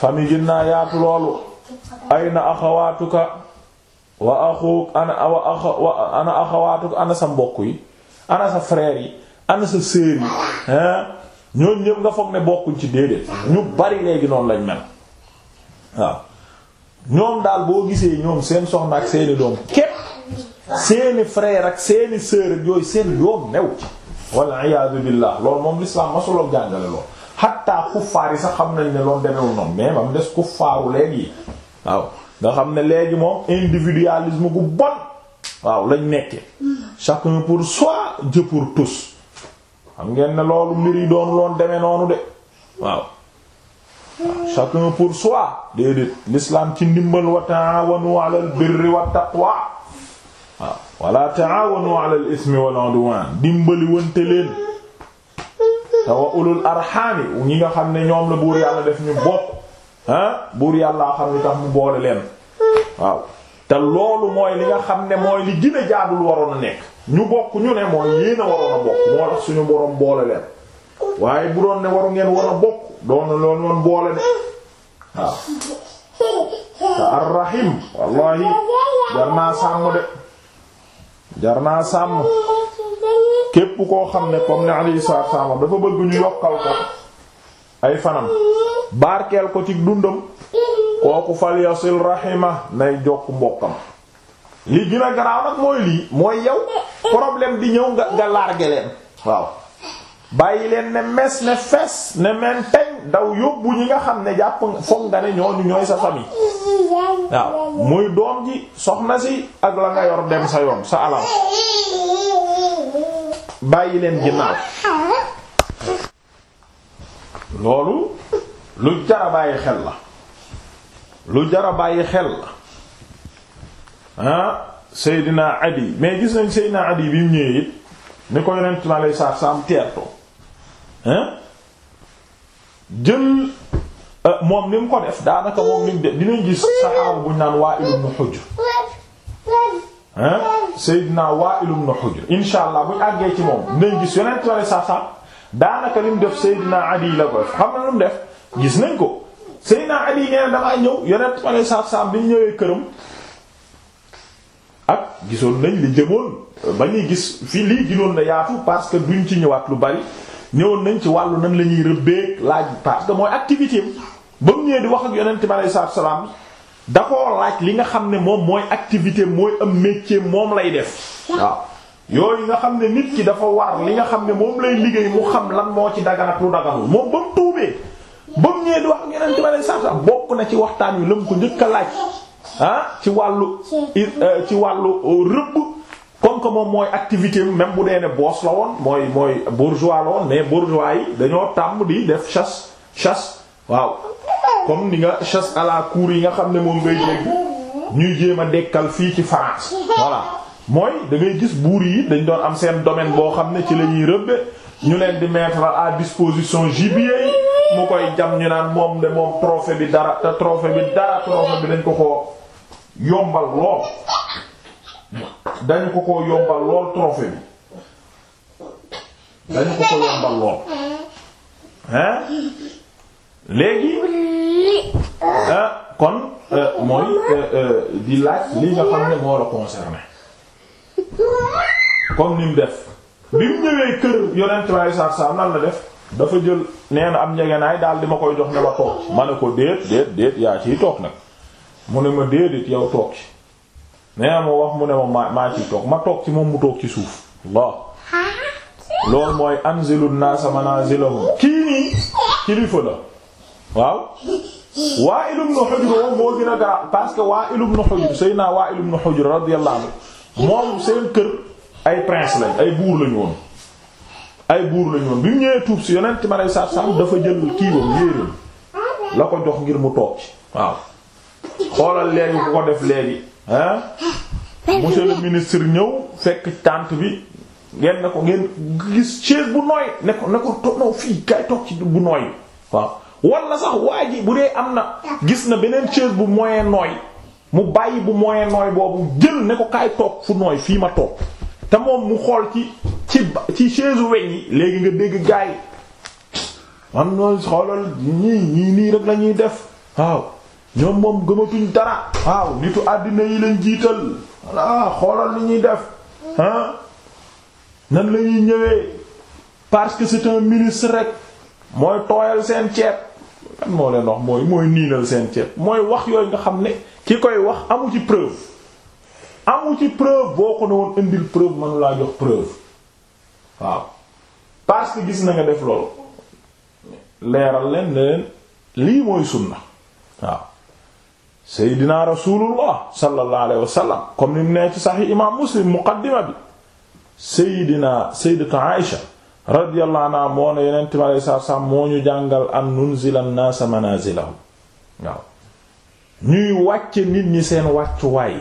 famille gën naa yaatu loolu ay na axawaatuka wa axu ana wa ana sa mbokk yi ana sa frère yi ana sa sœur yi hein ñoom ñëpp nga foog ne bokkuñ ci déedéet ñu bari léegi noonu lañ mel waaw ñoom daal boo gisee ñoom seen soxna ak seeni doom képp seeni frère ak seeni sœur ak yooyu seen doom new walla iyaadu billaah loolu moom lislaam masuloo jàngale lool xatta kuffaar yi sax xam nañ ne loolu demewul noonu mais ba mu des kuffaaru léegi waaw nga xam ne léegi moom individualisme gu bon waaw lañ nekke chacun pour soi Dieu pour tous xam ngeen ne loolu mbir yi doon loon demee noonu de waaw chacun pour soi déedéet l'islam ci ndimbal wa ta'awanu ala birri wa taqwa waaw ah. wala ta'awanu ala al ismi wal udwan dimbali wante leen te ulul arhami ñi nga xam ne ñoom la buur yàlla def ñu bokk ah buur yàlla xam ni tax mu boole leen waaw te loolu mooy li nga xam ne mooy li gën a jaadul waroon a nekk ñu bokk ñu ne mooy yéen waroon a bokk moo tax suñu borom boole leen waaye bu doon ne waru ngeen war a bokk doonu loolu woon boole de waaw te wallahi jar naa sàmm de jar naa sàmm képp koo xam ne comme ne alayhi salaatu wassalaam dafa bëgg ñu yokkal ko ay fanam barkeel ko ci dundam kooku fal yasil rahima nay jokk mbokkam li gën garaaw nag mooy lii mooy yow problème di ñëw nga nga largué waaw bàyyi leen ne mes ne fes ne men daw yóbbu ñi nga xam ne jàpp foog nga ne ñooñu ñooy sa famille waaw muy doom ji soxna si ak la nga yor dem sa yoon sa alal bàyyi leen ginnaaw loolu lu jara bàyyi xel la lu jara bàyyi xel la ah Seydina Adi mais gis nañ Seydina Adi bi mu ñëwee it ni ko yonent ma lay saar saam teertoo jël euh, moom ni mu ko def daanaka moom ni mu def dinañ gis saxaaba buñ naan Wa'il ibn Hujr Seydina Wa'il ibn Hujr insha allah buñ àggee ci moom dinañ gis yonent wala sax-sax daanaka li mu def Seydina Adi la ko def xam na lu mu def gis nañ ko Seydina Adi nee na damaa ñëw yonent wala sax-sax bi ñu ñëwee këram ak gisoon nañ li jëmoon ba ñuy gis fii lii ginoon na yaatu parce que duñ ci ñëwaat lu bari ñëwoon nañ ci wàllu nan la ñuy rëbbeeg laaj parce que mooy activité am ba mu ñëwee di wax ak yonent bi aleyhi salaatu wa salaam da koo laaj li nga xam ne moom mooy activité mooy am métier moom lay def waaw yooyu nga xam ne nit ki dafa war li nga xam ne moom lay liggéey mu xam lan moo ci dagan ak lu daganul moom ba mu tuubee ba mu ñëwee di wax ak yonent bi aleyhi salaatu salaam bokk na ci waxtaan wi la mu ko njëkk a laaj ah ci wàllu euh, ci wàllu rëbb comme que moom mooy activité même bu dee ne boos la woon mooy mooy bourgeois la woon mais bourgeois yi dañoo tàmm di def chasse chasse waaw comme ni nga chasse à la cour yi nga xam ne moom ngay dégg ñuy jéem a dekkal fii ci France voilà mooy dangay gis buur yi dañ doon am seen domaine boo xam ne ci lañuy ñuy rëbbe ñu leen di mettre à disposition gibier yi mu koy jam ñu naan moom de moom trophée bi dara te trophée bi dara trophée bi dañ ko ko yombal lool dañu ko ko yombal lool trophée bi dañu ko ko yombal lool hein léegi ah, kon euh, mooy euh, euh, di laaj li nga xam ne moo la concerné comme ni def bi mu ñëwee kër yonent waaye saar saar nan def dafa jël nee am njegenaay daal di ma koy jox ne ma toog ma ne ko déet déet déet yaa ciy toog nag mu ne ma déedéet yow toog ci nee moo wax mu ne ma maa ciy toog ma toog ci moom mu toog ci suuf loolu mooy anzilu naasa manazilahum kii nii kilifa la waaw Wa'il ibn Hujr moo gën a garaaw parce que waa ibn Hujr Seydina Wa'il ibn Hujr radiyallahu anhu moom seen kër ay prince lañ ay buur lañu woon ay buur lañu woon bi ñëwee tuub si yonent ma lay saat sam dafa jël kiiwam yéeréem la ko jox ngir mu toog ci waaw xoolal léegi ku ko def léegi ah monsieur le ministre ñëw fekk tànt bi ngeen ne ko ngeen gis chaise bu nooy ne ko ne ko toog fii kay toog ci bu nooy waaw wala sax waa bu dee am na gis na beneen chaise bu moyen nooy mu bàyyi bu moyen nooy boobu jël ne ko kaay toog fu nooy fii ma toog te moom mu xool ci ci ci chaise weñ yi léegi nga dégg gaay man nooy xoolal ñii ñii nii rek lañuy def waaw ñoom moom gëmatuñ dara waaw nitu àddina yi lañ jiital voilà xoolal li ñuy def ah nan la ñëwee parce que c'est un ministre rek mooy tooyal seen ceeb kan moo leen wax seen ceeb mooy wax yooyu nga xam ne ki koy wax amu ci preuve amu ci preuve boo ko ne woon indil preuve mënu laa jox preuve waaw parce que gis na nga def loolu leeral leen leen lii mooy sunna waaw seydina rasulullah sallallahu alayhi wa sallam comme ni mu nee ci saxi imaam muslim muqaddima bi seydina seydatu aisha radiyallahu anha moo ne yonent mi alayhi salaatu salaam moo ñu jàngal an nunzila an-naasa manaazilahum waaw ñuy wàcce nit ñi seen wàccuwaay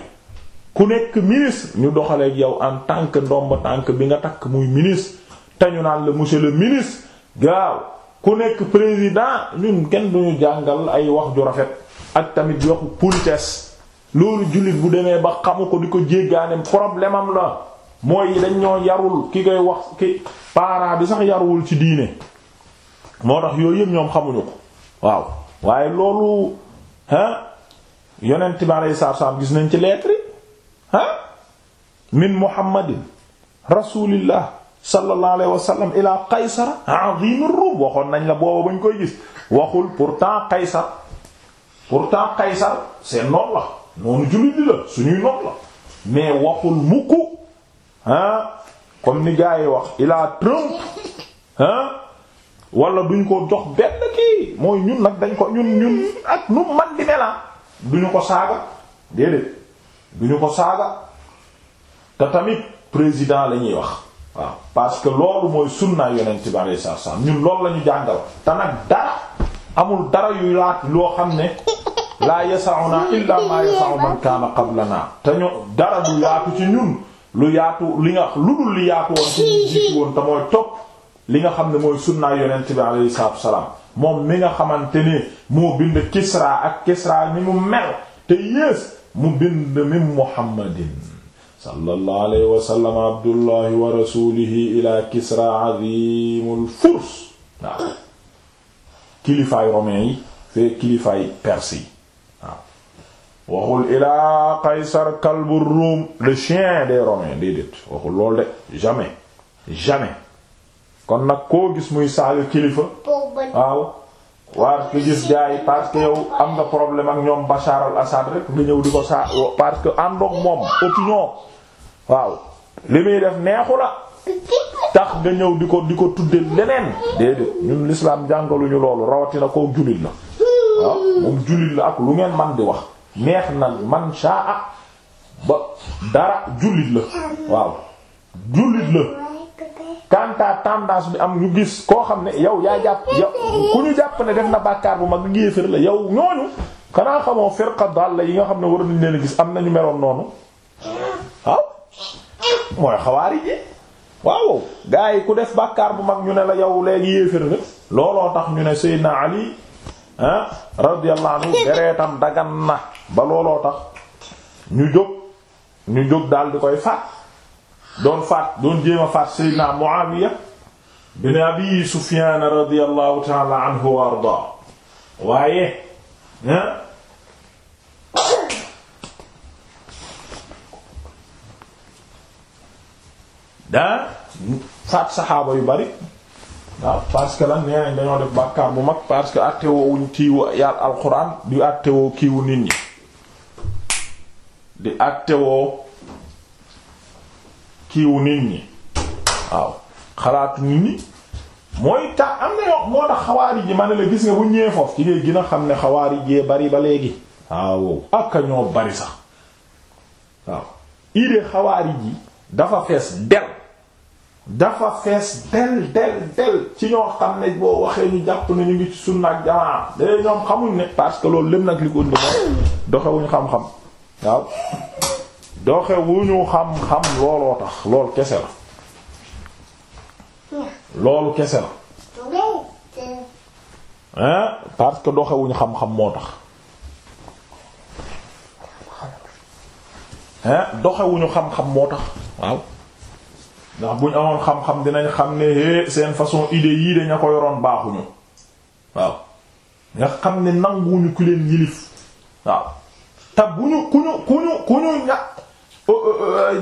ku nekk ministre ñu doxaleeg yow en tant que ndomb tànk bi nga takk muy ministre te ñu naan la monsieur le ministre gaaw ku nekk président ñun kenn duñu jàngal ay wax ju rafet ak tamit waxu politesse loolu jullit bu demee ba xamu ko di ko jéggaane problème am la mooy dañ ñoo yarul ki koy wax ki parent bi sax yarul ci diine moo tax yooyu yëpp ñoom xamuñu ko waaw waaye loolu ah yonent bi aleyhi salaatu salaam gis nañ ci lettre ah min muhammadin rasulillah sallallahu alayhi wa sallam ila qaysar waxoon nañ la booba bañ koy gis waxul pour pourtant qaysar pourtant Qaysar seen noon la noonu jullit di la suñuy noon la mais waxul mukk ah comme ni gars yi wax il a Trump ah wala duñ ko jox benn kii mooy ñun nag dañ ko ñun ñun ak nu man di melan ah. duñu ko saaga déedéet duñu ko saaga te tamit président la ñuy wax waaw parce que loolu mooy sunna yonent bi alayhi salaam ñun lool la ñu jàngal te nag dara amul dara yu laat loo xam ne laa yasauna illa ma yasau man kaana qablana te ñu dara yaatu ci ñun lu yaatu li nga lu dul li yaatu woon ci jiitu woon mooy topp li nga xam ne mooy sunnaa yonent bi alayhi salaatu wassalaam moom mi nga xamante ni mu bind Kisra ak Kisra ni mu mel te yées mu bind min Muhammadin sallallahu alayhi wa sallam wa rasulihi ila Kisra azimul furs kilifaay romain yi fee kilifaay perse yi waaw waxul ilaa Qaysar kalbu Rum le chien des romains déedéet waxul lool de jamais jamais kon nag koo gis muy saaga kilifa waaw waar ki gis jaay parce que yow am nga problème ak ñoom Bachar assad rek nga ñëw di ko saa parce que àndoog moom opinion waaw li muy def neexu la tax nga ñëw di ko di ko tuddee leneen déedéet ñun l'islam jàngaluñu loolu rawatina koo jullit la waaw moom jullit la ak lu ngeen man di wax neex na man shaa ba dara jullit la waaw jullit la kanta tendance bi am ñu gis koo xam ne yow yaa jàpp ku ñu jàpp ne def na bàkkaar bu mag ngéefér la yow ñooñu xanaa xamoo firqa daal la yi nga xam ne war nañ leen gis am nañu meloon noonu waaw mooy xawaari ji waaw gars yi ku def bàkkaar bu mag ñu ne la yow léegi yéefér nga looloo tax ñu ne Seydina Ali ah radiyallahu anhu deretam dagan na ba looloo tax ñu jóg ñu jóg daal di koy faat doon faat doon jéem a faat Seydina Muawiya bin Abi Sufyan radiyallahu ta'ala anhu wa arda waaye ah daa faat saxaaba yu bari waaw parce que lan nee nañ dañoo def bàkkaar bu mag parce que àttewoowuñ kiiwu yàll alxuraan di àttewoo kiiwu nit ñi di àttewoo kiiwu nit ñi waaw xalaatu nit ñi mooy tax am na yoo moo tax xawaari ji ma ne la gis nga bu ñëwee foofu ci ngay gën a xam ne xawaari jee bari ba léegi waaw ak ñoo bari sax waaw idée xawaari ji dafa fees del dafa fees del del del ci ñoo xam ne boo waxee ñu jàpp nañu ñu ngi ci sunna jamaa day ñoom xamuñ ne parce que loolu lépp nag li ko ënd doxewuñu xam-xam waaw doxewuñu xam-xam looloo tax loolu kese la loolu kese la hein parce que doxewuñu xam-xam moo tax hein doxewuñu xam-xam moo tax waaw ndax buñ amoon xam-xam dinañ xam ne é seen façon idée yii daña ko yoroon baaxuñu waaw nga xam ne nanguwuñu ku leen yilif waaw te bu ñu ku ñu ku ñu ku ñu ñàkk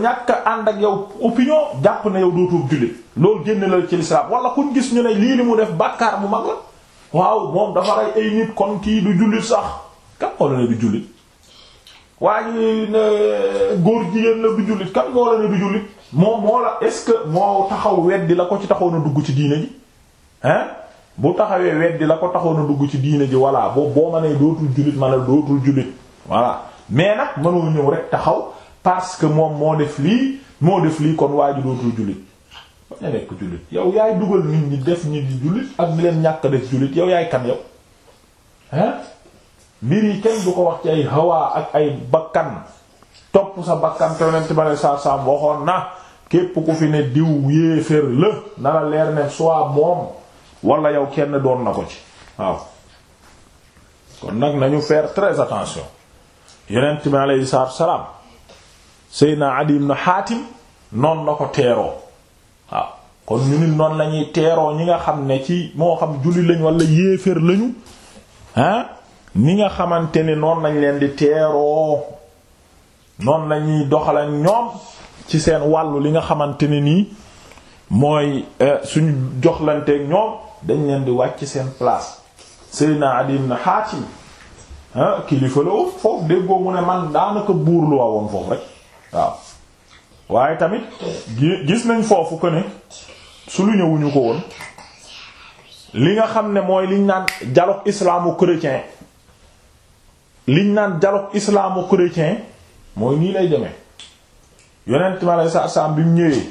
ñàkk ànd ak yow opinion jàpp na yow dootoo jullit loolu génn la ci lislaam wala kuñ gis ñu ne lii li mu def bàkkaar bu mag waaw moom dafa rey ay nit kon kii du jullit sax kam moo la ne du jullit waaye la ne du jullit moom moo la est-ce que moo taxaw weddi la ko ci taxoon a dugg ci diine ji hein bu taxawee weddi la ko taxoon a dugg ci diine ji voilà boobu boo ma nee dootul jullit ma ne dootul jullit mais nag ñëw rek taxaw parce que moom moo def moo def lii kon waa ji dootul jullit bañ nekk jullit yow yaay dugal nit ñi def nit ñi jullit ak ni leen ñàkk def jullit yow yaay kan yow hein mbir yi kenn du ko wax ci ay hawa ak ay bakkan topp sa bakkan te yonent ba ne saa saam waxoon na képp ku fi ne diw yéefér la na la leer ne soit moom wala yow kenn doon na ko ci waaw kon nag nañu faire très attention yonent bi aleyhi salaatu salaam Seydina Adi ibn Hatim noonu na ko teeroo waaw kon ñu nit noonu lañuy teeroo ñi nga xam ne ci moo xam julli lañ wala yéefér lañu ah ni nga xamante ne noon lañ leen di teeroo noonu lañuy doxal ak ñoom ci seen wàllu li nga xamante ne nii mooy eh, suñu joxlanteek ñoom dañ leen di wàcc seen place Seydina Adi ibn Hatim ah, kilifa la woon foofu déggoo mu ne man daanaka buur lu woon foofu rek waaw waaye tamit gis nañ foofu ko ne su lu ñëwuñu ko woon li nga xam ne mooy liñ naan dialogue islamo-chrétien liñ naan dialogue islamo-chrétien mooy nii lay demee yonent ma lay sarsam bi mu ñëwee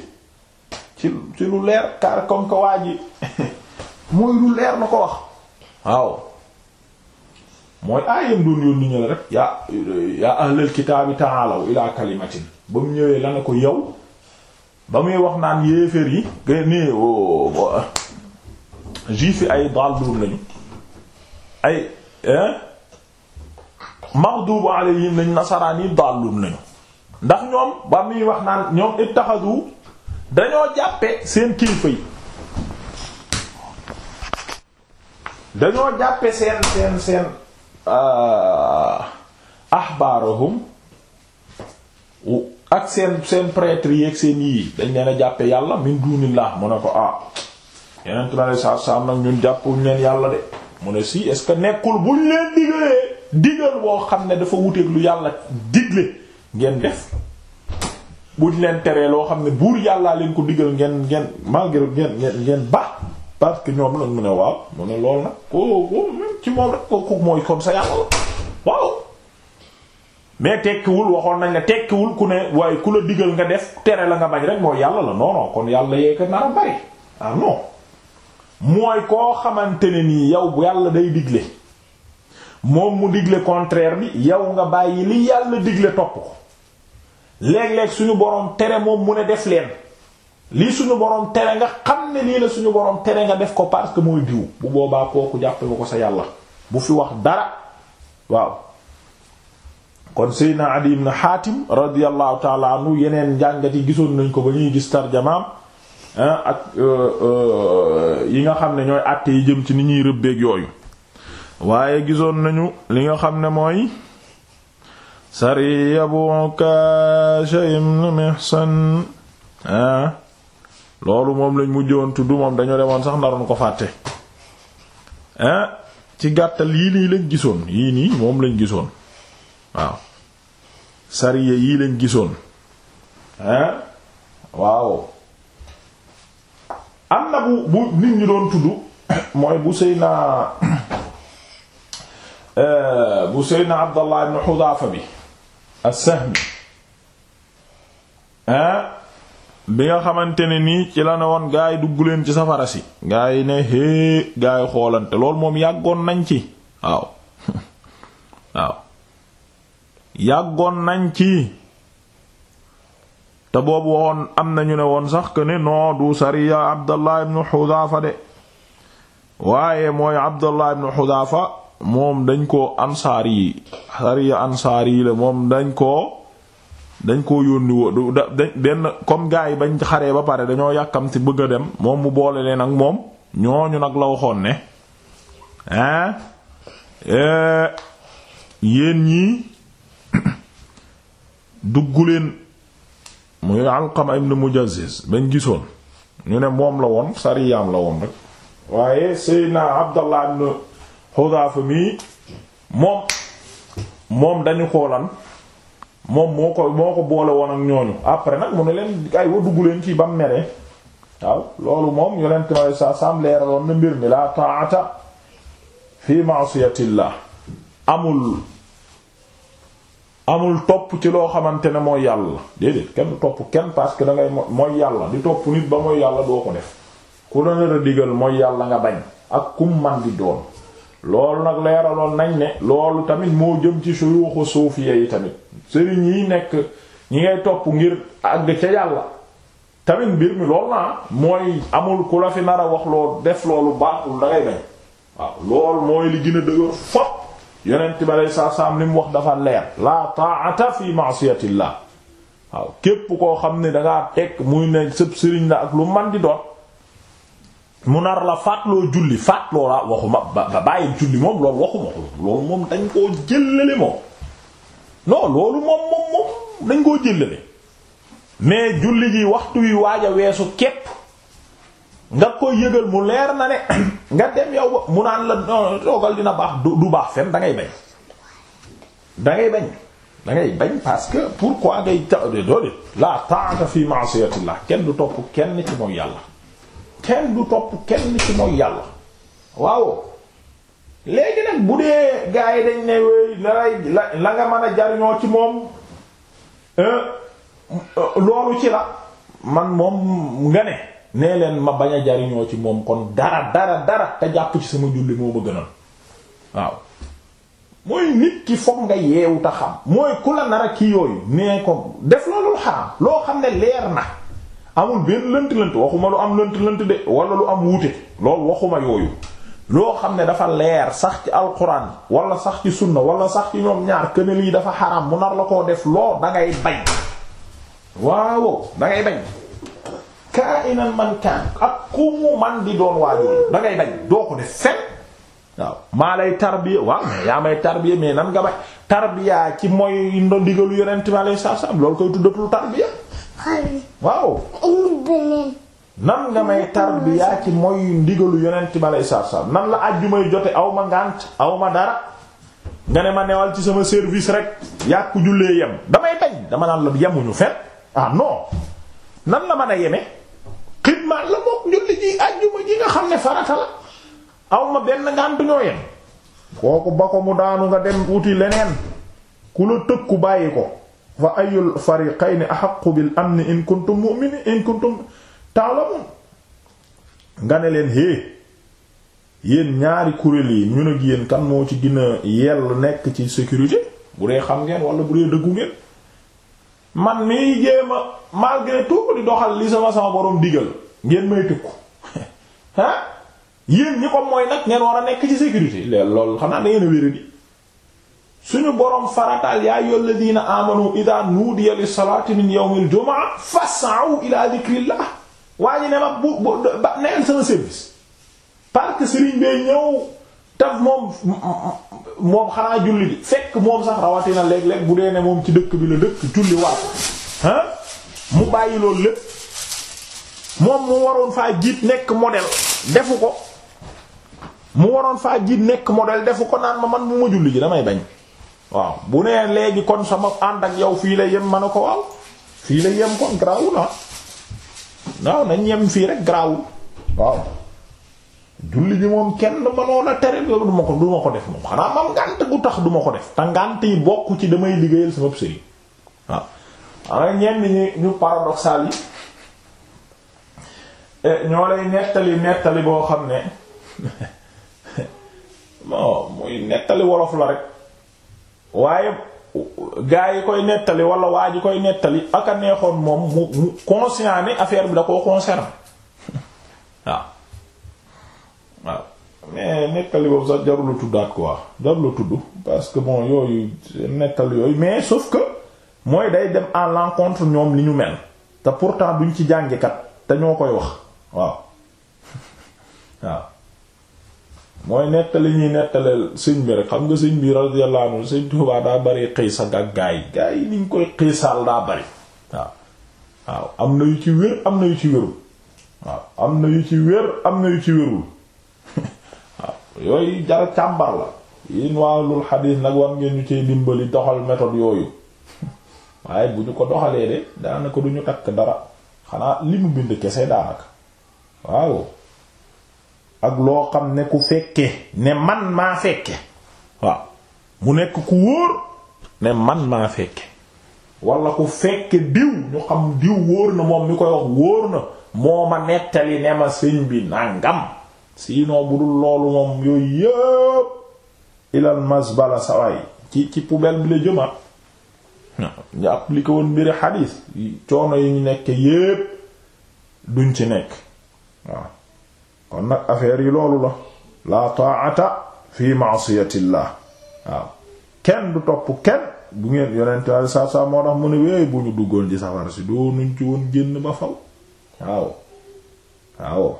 ci lu leer car comme que waa mooy lu leer na ko wax waaw mooy aayam doon yoon ni ñu rek yaa yaa ahlal kitaabi ta'aalaw ilaa kalimatin ba mu ñëwee la ne ko yow ba muy wax naan yéeféer yi ni juif yi ay dalluun lañu ay magdubu yi lañu nasaraan yi dalluun lañu ndax ñoom ba muy wax naan ñoom ittaxadu dañoo jàppe seen kilifa yi dañoo jàppe seen seen seen euh, ak seen seen prêtre yi ak seen yii dañ leen a jàppe yàlla min dunillah mu ne ko ah yeneen ma ne saa saa nag ñun jàppuñ leen yàlla de mu ne si est-ce que nekkul buñ leen digalee digal boo xam ne dafa wuteeg lu yàlla digle ngeen def buñ leen teree loo xam ne buur yàllaa leen ko digal ngeen ngeen malgré ngeen ngeen ngeen ba parce que ñoom nag mu ne waaw mu ne lool nag ko ko ci moom rek kooku mooy comme ça yàlla waaw mais tekkiwul waxoon nañ ne tekkiwul ku ne waaye ku la digal nga def tere la nga bañ rek mooy yàlla la non kon yàlla yee ko nar a ah non mooy koo xamante ne nii yow bu yàlla day digle. moom mu digle contraire bi yow nga bàyyi li yàlla digle topp ko léeg-léeg suñu boroom tere moom mu ne def leen lii suñu boroom tere nga xam ne lii la suñu boroom tere nga def ko parce que mooy diw bu boobaa kooku jàppe ko sa yàlla bu fi wax dara waaw kon seydna adi ibn xaatim radiallahu taala anhu yeneen njàngat yi gisoon nañ ko ba ñuy gis tarjamaam ah, ak euh, euh, yi nga xam ne ñooy àtte yi jëm ci ni ñuy rëbbeeg yooyu waaye gisoon nañu li nga xam ne mooy sariya bu Ukaasha ibn Mihsan ah, loolu moom lañ woon tudd moom dañu demoon sax naroon ko fàtte ah, ci gàttal yii nii lañ gisoon yii nii moom lañ gisoon waaw sariya yii lañ gisoon ah waaw am na bu bu nit ñi doon tudd mooy bu sëy naa Euh, bu seydna abdallah ibn xudaafa bi as-sahmi bi nga xamante ne nii ci la ne woon gaa dugg leen ci safara si gaa yi ne hée gaa yi xoolante lool moom yàggoon nañ ci waaw yàggoon nañ ci te boobu waxoon am nañu ne woon sax que ne non du sariya abdallah ibn xudaafa de waaye mooy abdallah ibn xudaafa moom dañ ko ansaar yi sariya ansaar yi la moom dañ koo dañ koo yónni woo da benn comme gaa yi bañ xaree ba pare dañoo yàkkamti bëgg a dem moom mu boole leen ak moom ñooñu nag la waxoon ne hein eh, yéen ñii dugg leen muy Alqama ibn Mujazziz bañ gisoon ñu ne moom la woon sariyaam la woon rek waaye Seydina Abdallah ibn Xudaafa mii moom moom dañu xoolan moom moo ko moo ko boole woon ak ñooñu après nag mu ne leen ay wa dugg leen ci ba mu meree waaw loolu moom yonent ma sa sam leeraloon na mbir mi la ta'ata fi ma'siyatillah amul amul topp ci loo xamante ne mooy yàlla déedéet kenn topp kenn parce que da ngay mooy yàlla di topp nit ba mooy yàlla doo ko def ku la nar a digal mooy yàlla nga bañ ak kum man di doon loolu nag leeraloon nañ ne loolu tamit moo jëm ci suyuuxu suufiya yi tamit sëriñ yi nekk ñi ngay topp ngir àgg ca yàlla tamit mbir mi loolu naa mooy amul ku la fi nar a wax loolu def loolu baaxul da ngay waaw loolu mooy li gën a dëgër fop yonent bi aley saa salaam li mu wax dafa leer la taata fi ma'siyatillah waaw képp koo xam ne dangaa teg muy ne sëb sëriñ la ak lu man di doon mu nar la faatloo julli faatloo la waxuma ba bàyyi julli moom loolu waxuma ko loolu moom dañ koo jëllale moom non koo jëllale mais julli ji waxtu wi waaj weesu képp nga koy yëgal mu leer na ne nga dem yow ba mu naan la toogal dina baax du baax fen da ngay bañ da ngay bañ da ngay bañ parce que pourquoi ngay ta doole la fi ma'siyatillah kenn du topp kenn ci moom yàlla kenn du topp kenn ci mooy yàlla waaw léegi nag bu dee gaa yi dañ ne wéy la la nga mën a jariñoo ci moom euh, euh, loolu ci la man moom nga ne nee leen ma bañ a jariñoo ci moom kon dara dara dara te jàpp ci sama julli moo ma gënal waaw mooy nit ki foog nga yeewu ta xam mooy ku la nar a kii yooyu nee ko def loolu xaram loo xam ne leer na amul benn lënt-lënt waxuma lu am lënt-lënt de wala lu am wuute loolu waxuma yooyu loo xam ne dafa leer sax ci alquran wala sax ci sunna wala sax ci ñoom ñaar këne yi dafa xaram mu nar la koo def loo da ngay bañ waaw da ngay bañ man di doon waajur da doo ko def fen waaw maa lay tarbiya waaw mais yaa may tarbiya mais nan nga bañ tarbiya ci mooy ndigalu yonent mi alayhi salaam loolu koy tuddatul tarbiya waaw nan nga may tarbiyaa ci mooy ndigalu yonent ma lay saab nan la àjjumay jote aw ma ngànt aw ma dara nga ne ma newal ci sama service rek yàq jullee yem damay bañ dama naan la yemuñu fet ah non nan la mën a yeme xidmaat la bokk julli ji àjjuma ji nga xam ne farata la aw benn ngànt ñoo yem kooku ba ko mu daanu nga dem wuti leneen ku la tëkku bàyyi ko fa ayul fariqayni ahaqqu am amni in kuntum mu'minin in kuntum ta'lamun nga ne leen hé yéen ñaari kuréel yi ñun ak yéen kan moo ci gën a yell nekk ci sécurité bu dee xam ngeen walla bu dee dëggu ngeen man mii jéem a malgré tout di doxal li sama sama borom digal ngeen may tukku ah yéen ñi ko mooy nag ngeen war a nekk ci sécurité lool xanaa da ngeen a wéradi suñu borom farataal yaa ayyuhal ladina amanu idha nudiya lis salati min yawmil jumaa fas'u ila dhikrillah waa ñu ne ma bu bu ba neen sama service parce que Serigne Bay ñëw taf moom moom xanaa julli bi fekk moom sax rawatina léeg-léeg bu dee ne moom ci dëkk bi la dëkk julli waat ah mu bàyyi loolu lépp moom mu waroon faa jiit nekk modèle defu ko mu waroon faa jiit nekk modèle defu ko naan ma man bu ma julli ji damay bañ. waaw bu nee léegi kon sama ànd ak yow fii la yem ma ne ko waaw fii la yem kon grawul ah waaw nañ yem fii rek grawul waaw julli bi moom kenn mënoon a tere loolu du ko du ma ko def moom xanaa mam ngànt gu tax duma ko def te ngànt yi bokk ci damay liggéeyal sama sëriñ waaw waaw ñenn ñi ñu paradoxal yi eh, ñoo lay nettali nettali boo xam ne bon muy nettali wolof la rek waaye gaa yi koy nettali wala waa ji koy nettali ak a neexoon moom mu mu conscient ne affaire bi da koo concerné waaw waaw mais nettali boobu sax jarul tuddaat quoi jarul a tudd parce que bon yooyu nettali yooyu mais sauf que mooy day dem à l'encontre ñoom li ñu mel te pourtant duñ ci jàngekat te ñoo koy wax waaw waaw mooy nettali ñuy nettaleel sëñ bi rek xam nga sëñ bi radiyallahu anhu sëñ Tuubaa daa bari xiisa ak gaa yi gaa yi niñ koy xiisaal daa bari waaw waaw am na yu ci wér am na yu ci wérul waaw wér am na yu ci wérul waaw yooyu jara càmbar la yéen waalul xadiis nag war ngeen ñu cee dimbali doxal méthode yooyu waaye bu ñu ko doxalee de daanaka duñu ñu takk dara xanaa li mu bind kese daanaka waaw ak loo xam ne ku fekke ne man maa fekke waaw mu nekk ku wóor ne man maa fekke wala ku fekke diw ñu xam diw wóor na moom mi koy wax wóor na moo ma nettali ne ma sëñ bi nàngam sinon bu dul loolu moom yooyu yëpp ilal masbala sawaay ci ci poubelle bi la jëma ñu appliqué woon mbiri xadiis coono yi ñu nekk yépp duñ ci nekk waaw kon nag affaire yi loolu la la ta'ata fi ma'siyatillah waaw kenn du topp kenn bu ngeen yonente ali saa saa moo tax mu ne wéy bu ñu duggoon ci safara si doo nuñ ci woon génn ba faw waaw waaw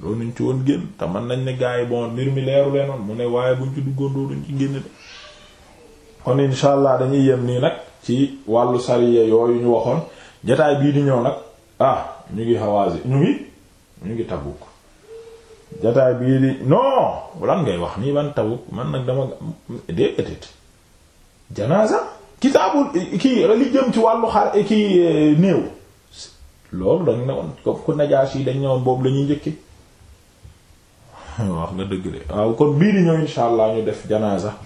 doo nuñ ci woon génn te mën nañ ne gars yi bon mbir mi leeru leenoon mu ne waaye buñ ci duggoon doo nuñ ci génn de kon insha allah dañuy yem nii nag ci wàllu sariya yooyu ñu waxoon jotaay bii di ñëw nag ah ñu ngi Hawazin ñu ngi ñu ngi Tabuk jataay bii di non lan ngay wax nii man Tabuk man nag dama dee janaasa kitaabul kii li jëm ci wàllu xar kii eh, néew loolu dañ ne woon ku Najaasi yi dañ ne woon boobu la njëkki wax nga dëgg de waaw kon bii di ñëw insha allah ñu def janaasa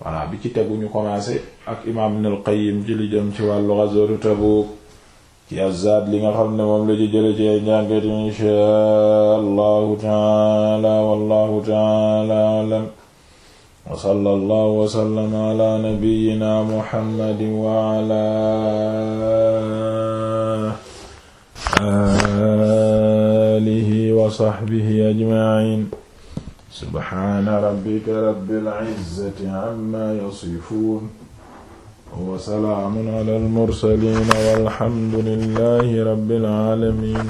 voilà bi ci tegu ñu commencé ak imaam Ibnul Qayyim ci li jëm ci wàllu ghazwatu Tabuk ci azad li nga xam ne moom la ci jële ci ay njàngat inchaa allahu taala wallahu taala alam wa sallallahu wa sallama ala nabiyyina muhammadin wa ala alihi wa sahbihi ajma'in subhana rabbika rabbil izzati amma yasifun wa salaamun ala al mursaliin walhamdu lillahi rabbil aalamiin